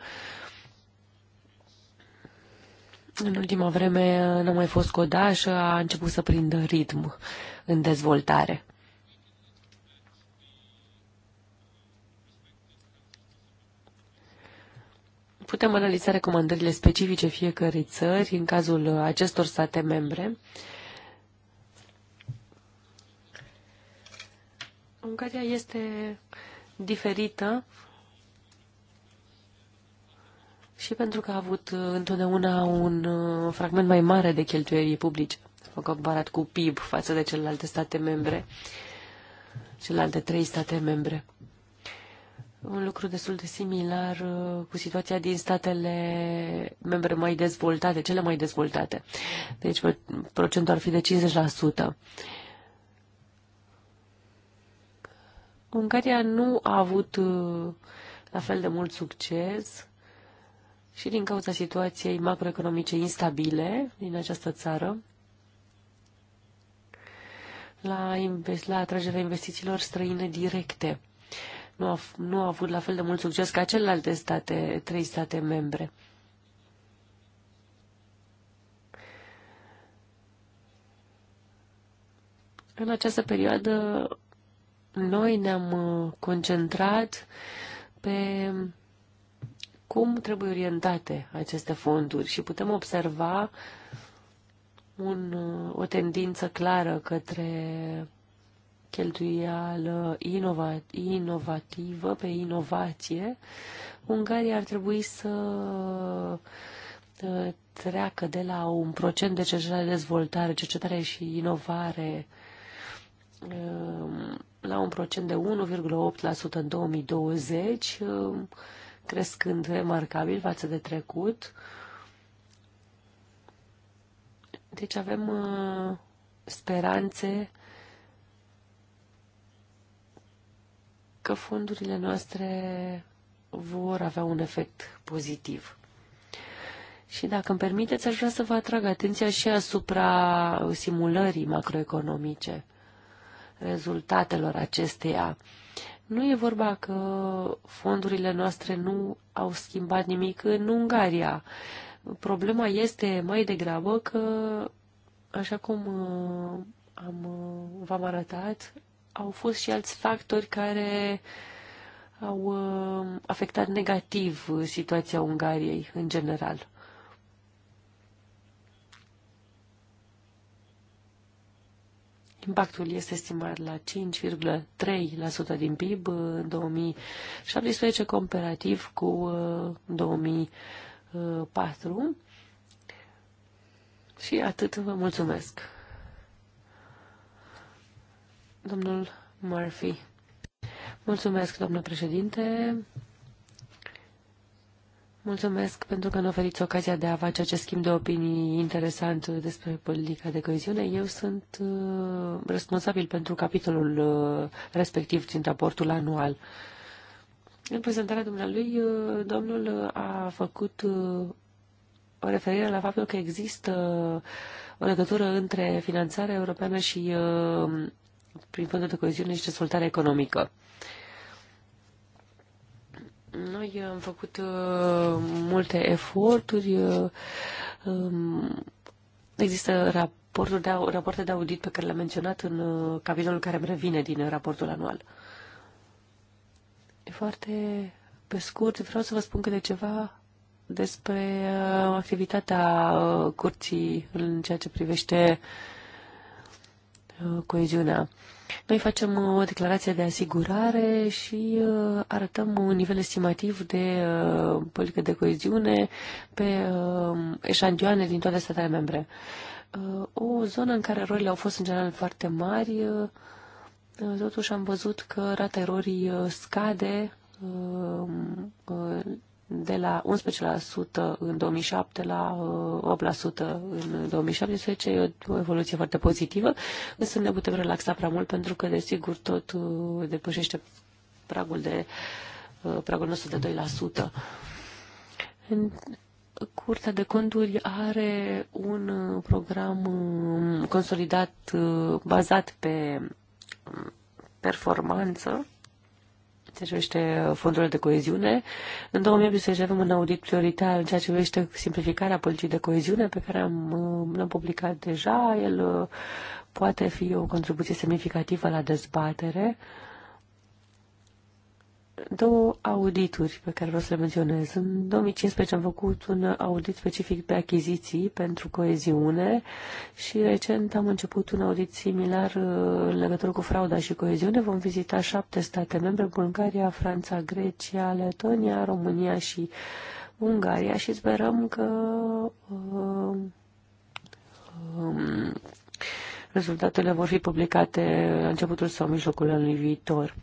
În ultima vreme n-a mai fost codașă, a început să prindă ritm în dezvoltare. putem analiza recomandările specifice fiecărei țări în cazul acestor state membre. Ungaria este diferită și pentru că a avut întotdeauna un uh, fragment mai mare de cheltuieli publice, comparat cu PIB față de celelalte state membre, celelalte trei state membre un lucru destul de similar uh, cu situația din statele membre mai dezvoltate, cele mai dezvoltate. Deci procentul ar fi de 50%. Ungaria nu a avut uh, la fel de mult succes și din cauza situației macroeconomice instabile din această țară, la, la atragerea investițiilor străine directe nu a, nu a avut la fel de mult succes ca celelalte state, trei state membre. În această perioadă noi ne-am uh, concentrat pe cum trebuie orientate aceste fonduri și putem observa un, uh, o tendință clară către cheltuială inova, inovativă, pe inovație, Ungaria ar trebui să uh, treacă de la un procent de cercetare, dezvoltare, cercetare și inovare um, la un procent de 1,8% în 2020, um, crescând remarcabil față de trecut. Deci avem uh, speranțe că fondurile noastre vor avea un efect pozitiv. Și dacă îmi permiteți, aș vrea să vă atrag atenția și asupra simulării macroeconomice, rezultatelor acesteia. Nu e vorba că fondurile noastre nu au schimbat nimic în Ungaria. Problema este mai degrabă că, așa cum uh, am, uh, v-am arătat, au fost și alți factori care au uh, afectat negativ uh, situația Ungariei în general. Impactul este estimat la 5,3% din PIB uh, în 2017, comparativ cu 2004. Și atât vă mulțumesc. Domnul Murphy. Mulțumesc, domnule președinte. Mulțumesc pentru că ne oferiți ocazia de a face acest schimb de opinii interesant despre politica de coeziune. Eu sunt uh, responsabil pentru capitolul uh, respectiv din raportul anual. În prezentarea dumnealui, uh, domnul a făcut uh, o referire la faptul că există o legătură între finanțarea europeană și uh, prin fondul de coeziune și dezvoltare economică. Noi am făcut uh, multe eforturi. Uh, um, există raporturi de, rapoarte de audit pe care le-am menționat în uh, capitolul care îmi revine din uh, raportul anual. E Foarte pe scurt, vreau să vă spun câte ceva despre uh, activitatea uh, curții în ceea ce privește uh, coeziunea. Noi facem uh, o declarație de asigurare și uh, arătăm un nivel estimativ de uh, politică de coeziune pe eșantioane din toate statele membre. O zonă în care erorile au fost în general foarte mari, totuși am văzut că rata erorii scade de la 11% în 2007 la 8% uh, în 2017. E o evoluție foarte pozitivă, însă ne putem relaxa prea mult pentru că, desigur, tot uh, depășește pragul, de, uh, pragul nostru de 2%. În Curtea de Conturi are un program consolidat bazat pe performanță ce privește fondurile de coeziune. În 2018 avem un audit prioritar în ceea ce privește simplificarea politicii de coeziune pe care am, uh, l-am publicat deja. El uh, poate fi o contribuție semnificativă la dezbatere. Uh, două audituri pe care vreau să le menționez. În 2015 am făcut un audit specific pe achiziții pentru coeziune și recent am început un audit similar uh, în legătură cu frauda și coeziune. Vom vizita șapte state membre, Bulgaria, Franța, Grecia, Letonia, România și Ungaria și sperăm că uh, um, rezultatele vor fi publicate la începutul sau mijlocul anului viitor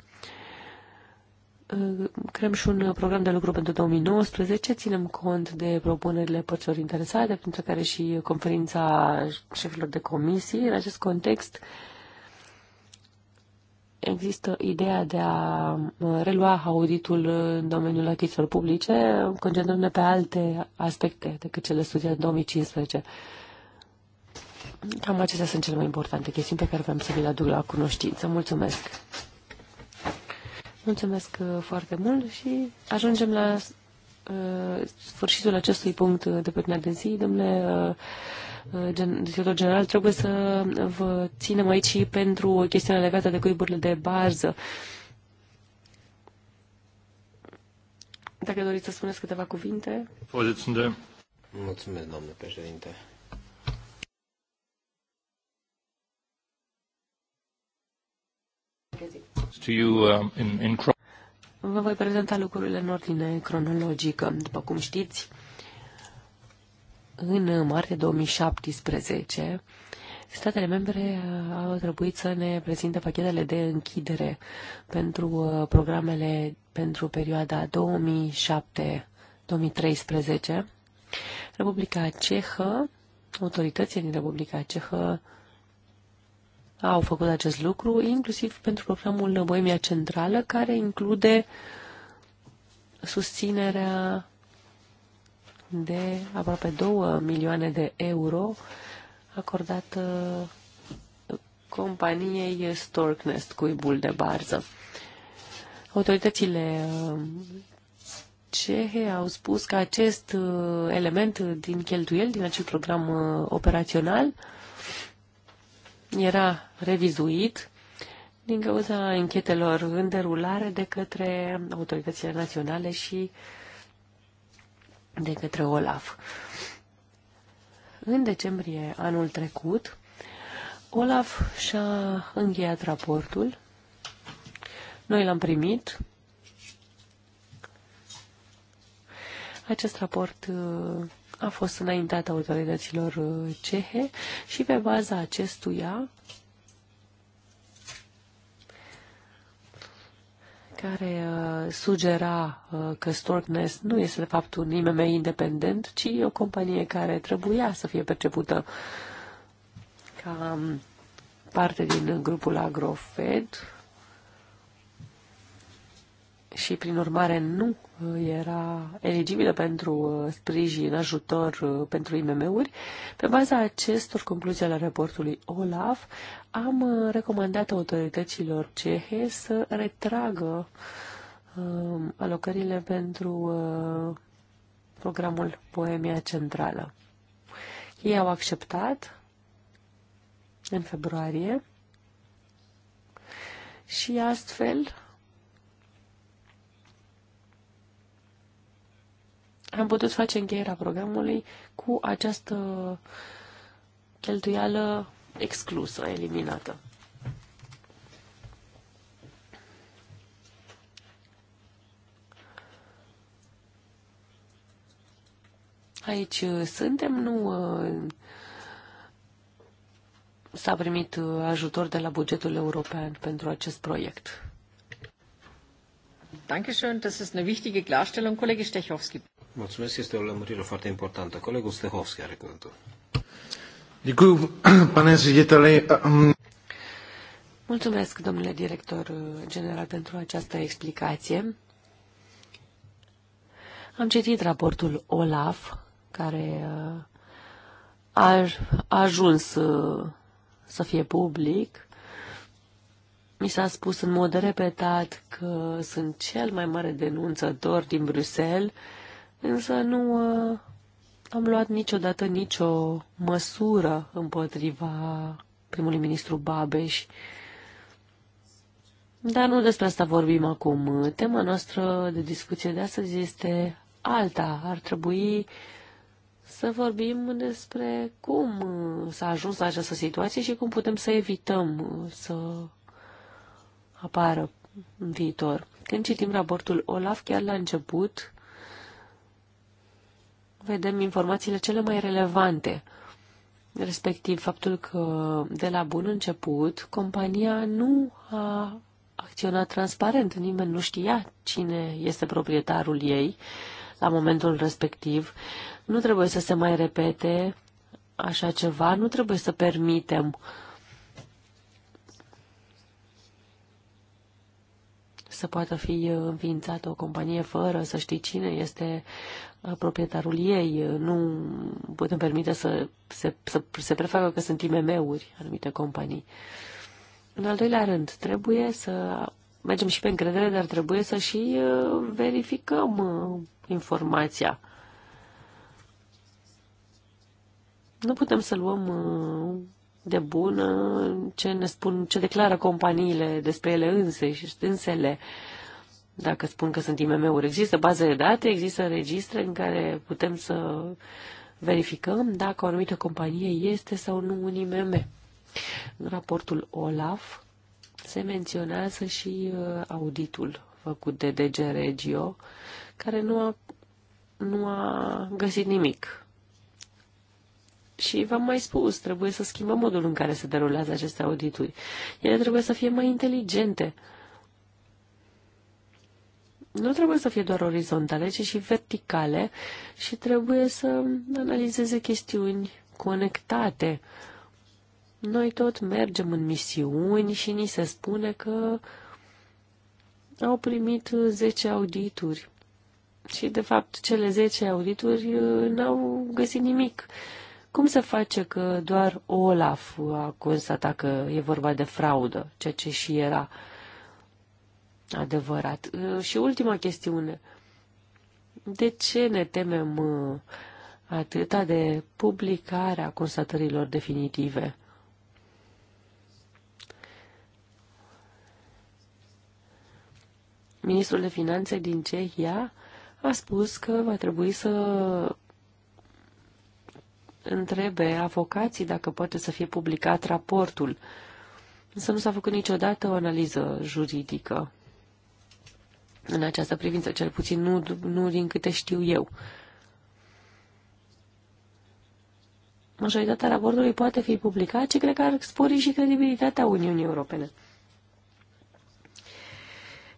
creăm și un program de lucru pentru 2019, ținem cont de propunerile părților interesate, printre care și conferința șefilor de comisii. În acest context există ideea de a relua auditul în domeniul achizițiilor publice, concentrându-ne pe alte aspecte decât cele studiate în 2015. Cam acestea sunt cele mai importante chestiuni pe care vreau să vi le aduc la cunoștință. Mulțumesc! Mulțumesc uh, foarte mult și ajungem la uh, sfârșitul acestui punct de pe de zi. Domnule uh, gen, general, trebuie să vă ținem aici și pentru chestiunea legată de cuiburile de bază. Dacă doriți să spuneți câteva cuvinte. Mulțumesc, domnule președinte. Um, Vă voi prezenta lucrurile în ordine cronologică. După cum știți, în martie 2017, statele membre uh, au trebuit să ne prezinte pachetele de închidere pentru uh, programele pentru perioada 2007-2013. Republica Cehă, autoritățile din Republica Cehă au făcut acest lucru, inclusiv pentru programul Boemia Centrală, care include susținerea de aproape 2 milioane de euro acordată companiei Storknest, cuibul de barză. Autoritățile uh, cehe au spus că acest uh, element din cheltuiel, din acel program uh, operațional, era revizuit din cauza închetelor în derulare de către autoritățile naționale și de către OLAF. În decembrie anul trecut, Olaf și-a încheiat raportul. Noi l-am primit. Acest raport uh, a fost înaintată autorităților uh, cehe și pe baza acestuia care uh, sugera uh, că Storkness nu este de fapt un IMM independent, ci o companie care trebuia să fie percepută ca um, parte din grupul Agrofed, și, prin urmare, nu era eligibilă pentru uh, sprijin, ajutor uh, pentru IMM-uri. Pe baza acestor concluzii ale raportului OLAF, am uh, recomandat autorităților cehe să retragă uh, alocările pentru uh, programul Poemia Centrală. Ei au acceptat în februarie și astfel am putut face încheierea programului cu această cheltuială exclusă, eliminată. Aici uh, suntem, nu uh, s-a primit uh, ajutor de la bugetul european pentru acest proiect. Dankeschön, das ist eine wichtige Klarstellung, Kollege Stechowski. Mulțumesc, este o lămurire foarte importantă. Colegul Stehovski are cuvântul. Děkuji, (clears throat) pane řediteli. Mulțumesc, domnule director general, pentru această explicație. Am citit raportul OLAF, care uh, a ajuns uh, să fie public. Mi s-a spus în mod repetat că sunt cel mai mare denunțător din Bruxelles însă nu uh, am luat niciodată nicio măsură împotriva primului ministru Babeș. Dar nu despre asta vorbim acum. Tema noastră de discuție de astăzi este alta. Ar trebui să vorbim despre cum s-a ajuns la această situație și cum putem să evităm să apară în viitor. Când citim raportul Olaf, chiar la început, vedem informațiile cele mai relevante, respectiv faptul că de la bun început compania nu a acționat transparent, nimeni nu știa cine este proprietarul ei la momentul respectiv. Nu trebuie să se mai repete așa ceva, nu trebuie să permitem să poată fi înființată o companie fără să știi cine este Uh, proprietarul ei. Uh, nu putem permite să se, să se prefacă că sunt IMM-uri anumite companii. În al doilea rând, trebuie să mergem și pe încredere, dar trebuie să și uh, verificăm informația. Nu putem să luăm de bună ce ne spun, ce declară companiile despre ele înse și însele. Uh, dacă spun că sunt IMM-uri, există baze de date, există registre în care putem să verificăm dacă o anumită companie este sau nu un IMM. În raportul OLAF se menționează și uh, auditul făcut de DG Regio, care nu a, nu a găsit nimic. Și v-am mai spus, trebuie să schimbăm modul în care se derulează aceste audituri. Ele trebuie să fie mai inteligente. Uh, nu trebuie să fie doar orizontale, ci și verticale și trebuie să analizeze chestiuni conectate. Noi tot mergem în misiuni și ni se spune că au primit 10 audituri. Și, de fapt, cele 10 audituri uh, n-au găsit nimic. Cum se face că doar Olaf a constatat că e vorba de fraudă, ceea ce și era? Uh, adevărat. Uh, și ultima chestiune. De ce ne temem uh, atâta de publicarea constatărilor definitive? Ministrul de Finanțe din Cehia a spus că va trebui să întrebe avocații dacă poate să fie publicat raportul. Însă nu s-a făcut niciodată o analiză juridică în această privință, cel puțin nu, nu din câte știu eu. Majoritatea raportului poate fi publicat, ce cred că ar spori și credibilitatea Uniunii Europene.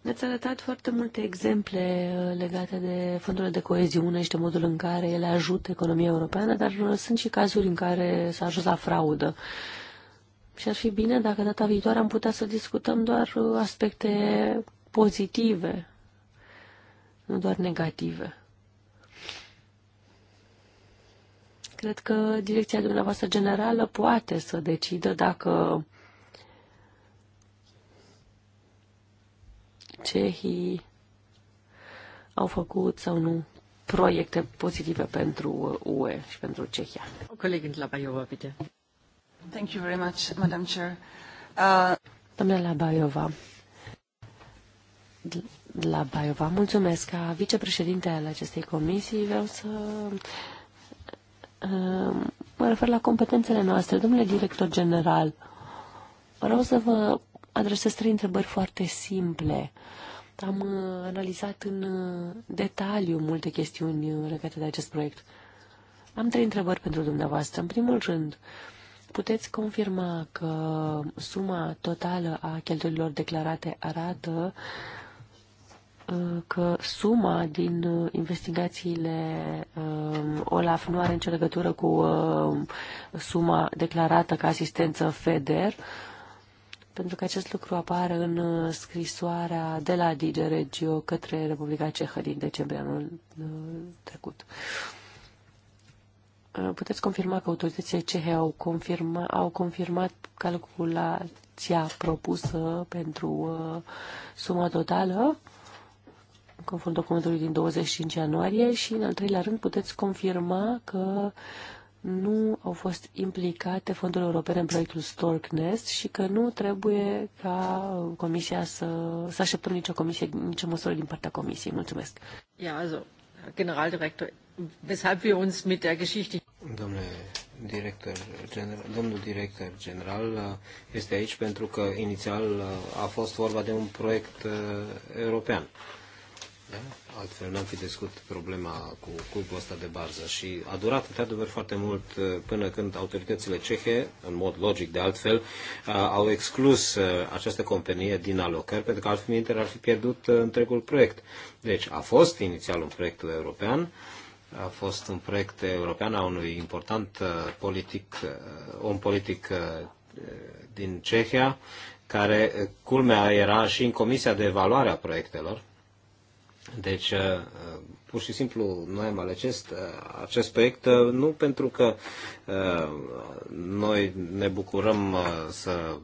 Ne-ați arătat foarte multe exemple uh, legate de fondurile de coeziune și de modul în care ele ajută economia europeană, dar uh, sunt și cazuri în care s-a ajuns la fraudă. Și ar fi bine dacă data viitoare am putea să discutăm doar uh, aspecte pozitive nu doar negative. Cred că direcția dumneavoastră generală poate să decidă dacă cehii au făcut sau nu proiecte pozitive pentru UE și pentru Cehia. O colegă la Baiova, bine. Thank you very much, Madam Chair. Uh... Doamna Baiova, la Baiova. Mulțumesc. Ca vicepreședinte al acestei comisii vreau să uh, mă refer la competențele noastre. Domnule director general, vreau să vă adresez trei întrebări foarte simple. Am uh, analizat în uh, detaliu multe chestiuni legate de acest proiect. Am trei întrebări pentru dumneavoastră. În primul rând, puteți confirma că suma totală a cheltuielilor declarate arată uh, Uh, că suma din uh, investigațiile uh, OLAF nu are nicio legătură cu suma declarată ca asistență FEDER, pentru că acest lucru apare în scrisoarea de la DG Regio către Republica Cehă din decembrie anul trecut. Puteți confirma că autoritățile cehe au, confirma, au confirmat calculația propusă pentru uh, suma totală? conform documentului din 25 ianuarie și, în al treilea rând, puteți confirma că nu au fost implicate fondurile europene în proiectul Storknest și că nu trebuie ca comisia să, să așteptăm nicio comisie, nicio măsură din partea comisiei. Mulțumesc. Ja, also, director, weshalb wir uns mit der Geschichte... Domnule director general, domnul director general este aici pentru că inițial a fost vorba de un proiect uh, european. Da? Altfel n-am fi discut problema cu clubul ăsta de barză și a durat într-adevăr foarte mult uh, până când autoritățile cehe, în mod logic de altfel, uh, au exclus uh, această companie din alocări, pentru că altfel ar fi pierdut întregul proiect. Deci a fost inițial un proiect european, a fost un proiect european a unui important politic, om politic din Cehia, care culmea era și în Comisia de Evaluare a Proiectelor, deci, uh, pur și simplu, noi am ales acest, uh, acest proiect uh, nu pentru că noi ne bucurăm să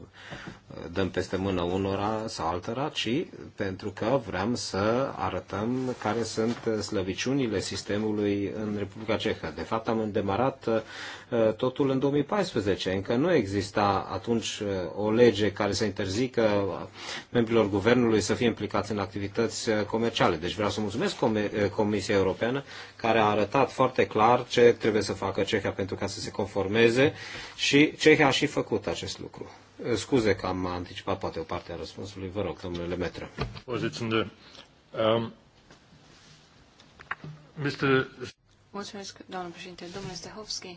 dăm peste mână unora sau altora, ci pentru că vrem să arătăm care sunt slăviciunile sistemului în Republica Cehă. De fapt, am îndemarat uh, totul în 2014. Încă nu exista atunci uh, o lege care să interzică membrilor guvernului să fie implicați în activități uh, comerciale. Deci vreau să mulțumesc Com Comisia Europeană care a arătat foarte clar ce trebuie să facă Cehia pentru ca să se conformeze și Cehia a și făcut acest lucru. Scuze că am anticipat poate o parte a răspunsului. Vă rog, domnule Lemetră. Um, Mulțumesc, doamnă președinte. Domnule Stehovski,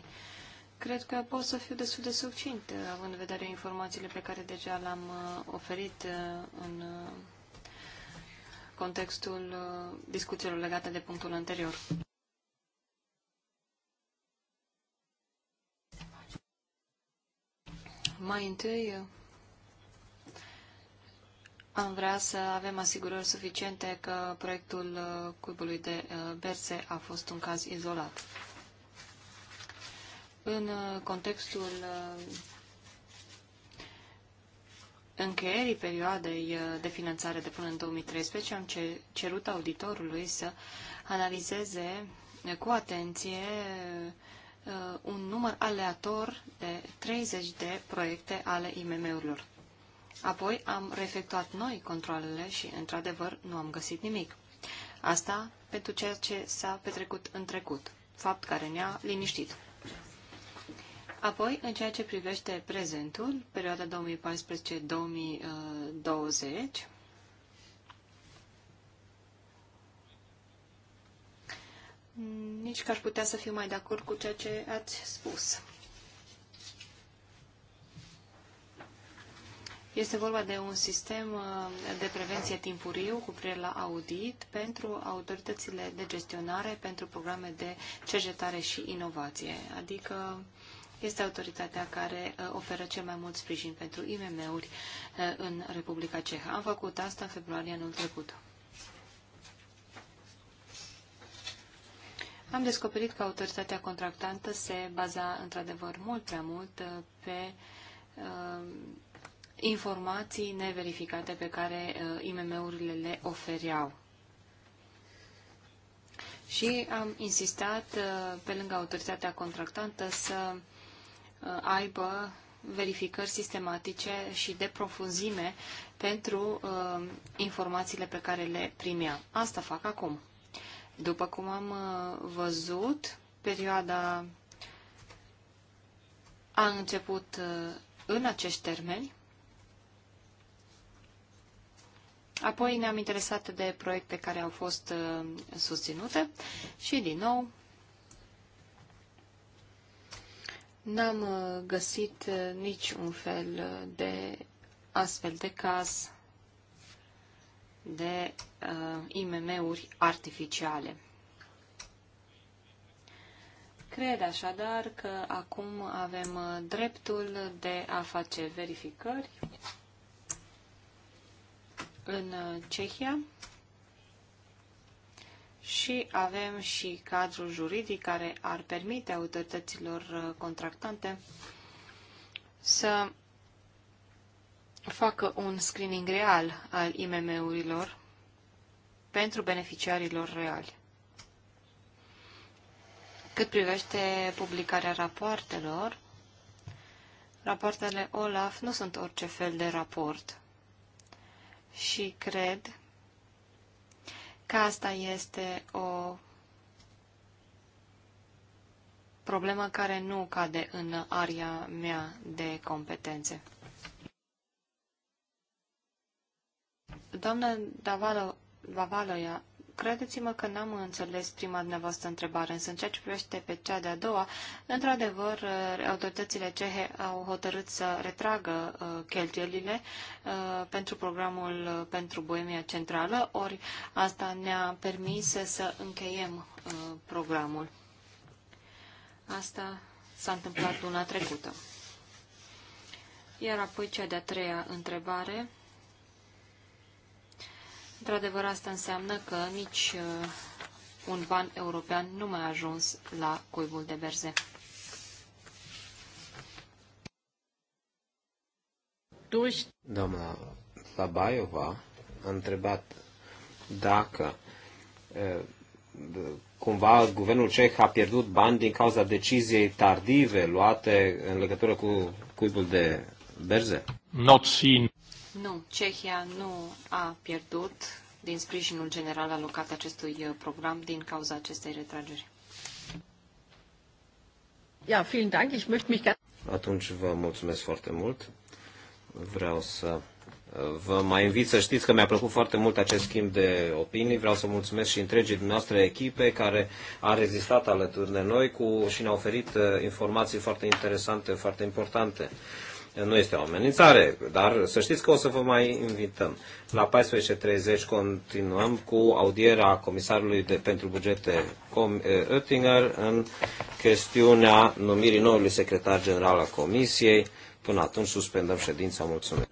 cred că pot să fiu destul de succint, având în vedere informațiile pe care deja le-am uh, oferit uh, în uh, contextul discuțiilor legate de punctul anterior. Mai întâi, am vrea să avem asigurări suficiente că proiectul uh, cuibului de uh, berțe a fost un caz izolat. În uh, contextul încheierii perioadei de finanțare de până în 2013, am cerut auditorului să analizeze cu atenție Uh, un număr aleator de 30 de proiecte ale IMM-urilor. Apoi am refectuat noi controlele și, într-adevăr, nu am găsit nimic. Asta pentru ceea ce s-a petrecut în trecut, fapt care ne-a liniștit. Apoi, în ceea ce privește prezentul, perioada 2014-2020, Nici că aș putea să fiu mai de acord cu ceea ce ați spus. Este vorba de un sistem uh, de prevenție timpuriu cu privire la audit pentru autoritățile de gestionare pentru programe de cercetare și inovație, adică este autoritatea care uh, oferă cel mai mult sprijin pentru IMM-uri uh, în Republica Cehă. Am făcut asta în februarie anul trecut. am descoperit că autoritatea contractantă se baza într-adevăr mult prea mult uh, pe uh, informații neverificate pe care uh, IMM-urile le ofereau. Și am insistat, uh, pe lângă autoritatea contractantă, să uh, aibă verificări sistematice și de profunzime pentru uh, informațiile pe care le primeam. Asta fac acum. După cum am uh, văzut, perioada a început uh, în acești termeni. Apoi ne-am interesat de proiecte care au fost uh, susținute și, din nou, n-am găsit niciun fel de astfel de caz de uh, IMM-uri artificiale. Cred așadar că acum avem uh, dreptul de a face verificări în uh, Cehia și avem și cadrul juridic care ar permite autorităților uh, contractante să facă un screening real al IMM-urilor pentru beneficiarilor reali. Cât privește publicarea rapoartelor, rapoartele OLAF nu sunt orice fel de raport. Și cred că asta este o problemă care nu cade în aria mea de competențe. Doamnă Davalo, credeți-mă că n-am înțeles prima dumneavoastră întrebare, însă în ceea ce privește pe cea de-a doua, într-adevăr, uh, autoritățile cehe au hotărât să retragă uh, cheltuielile uh, pentru programul uh, pentru Boemia Centrală, ori asta ne-a permis să încheiem uh, programul. Asta s-a întâmplat luna trecută. Iar apoi cea de-a treia întrebare Într-adevăr, asta înseamnă că nici uh, un ban european nu mai a ajuns la cuibul de berze. Doamna Labaiova a întrebat dacă uh, cumva guvernul ceh a pierdut bani din cauza deciziei tardive luate în legătură cu cuibul de berze? Not seen. Nu, Cehia nu a pierdut din sprijinul general alocat acestui uh, program din cauza acestei retrageri. Ja, vielen Dank. Ich möchte mich Atunci vă mulțumesc foarte mult. Vreau să uh, vă mai invit să știți că mi-a plăcut foarte mult acest schimb de opinii. Vreau să mulțumesc și întregii noastre echipe care a rezistat alături de noi cu, și ne-a oferit uh, informații foarte interesante, foarte importante nu este o amenințare, dar să știți că o să vă mai invităm. La 14.30 continuăm cu audierea comisarului de, pentru bugete eh, Oettinger în chestiunea numirii noului secretar general al Comisiei. Până atunci suspendăm ședința. Mulțumesc!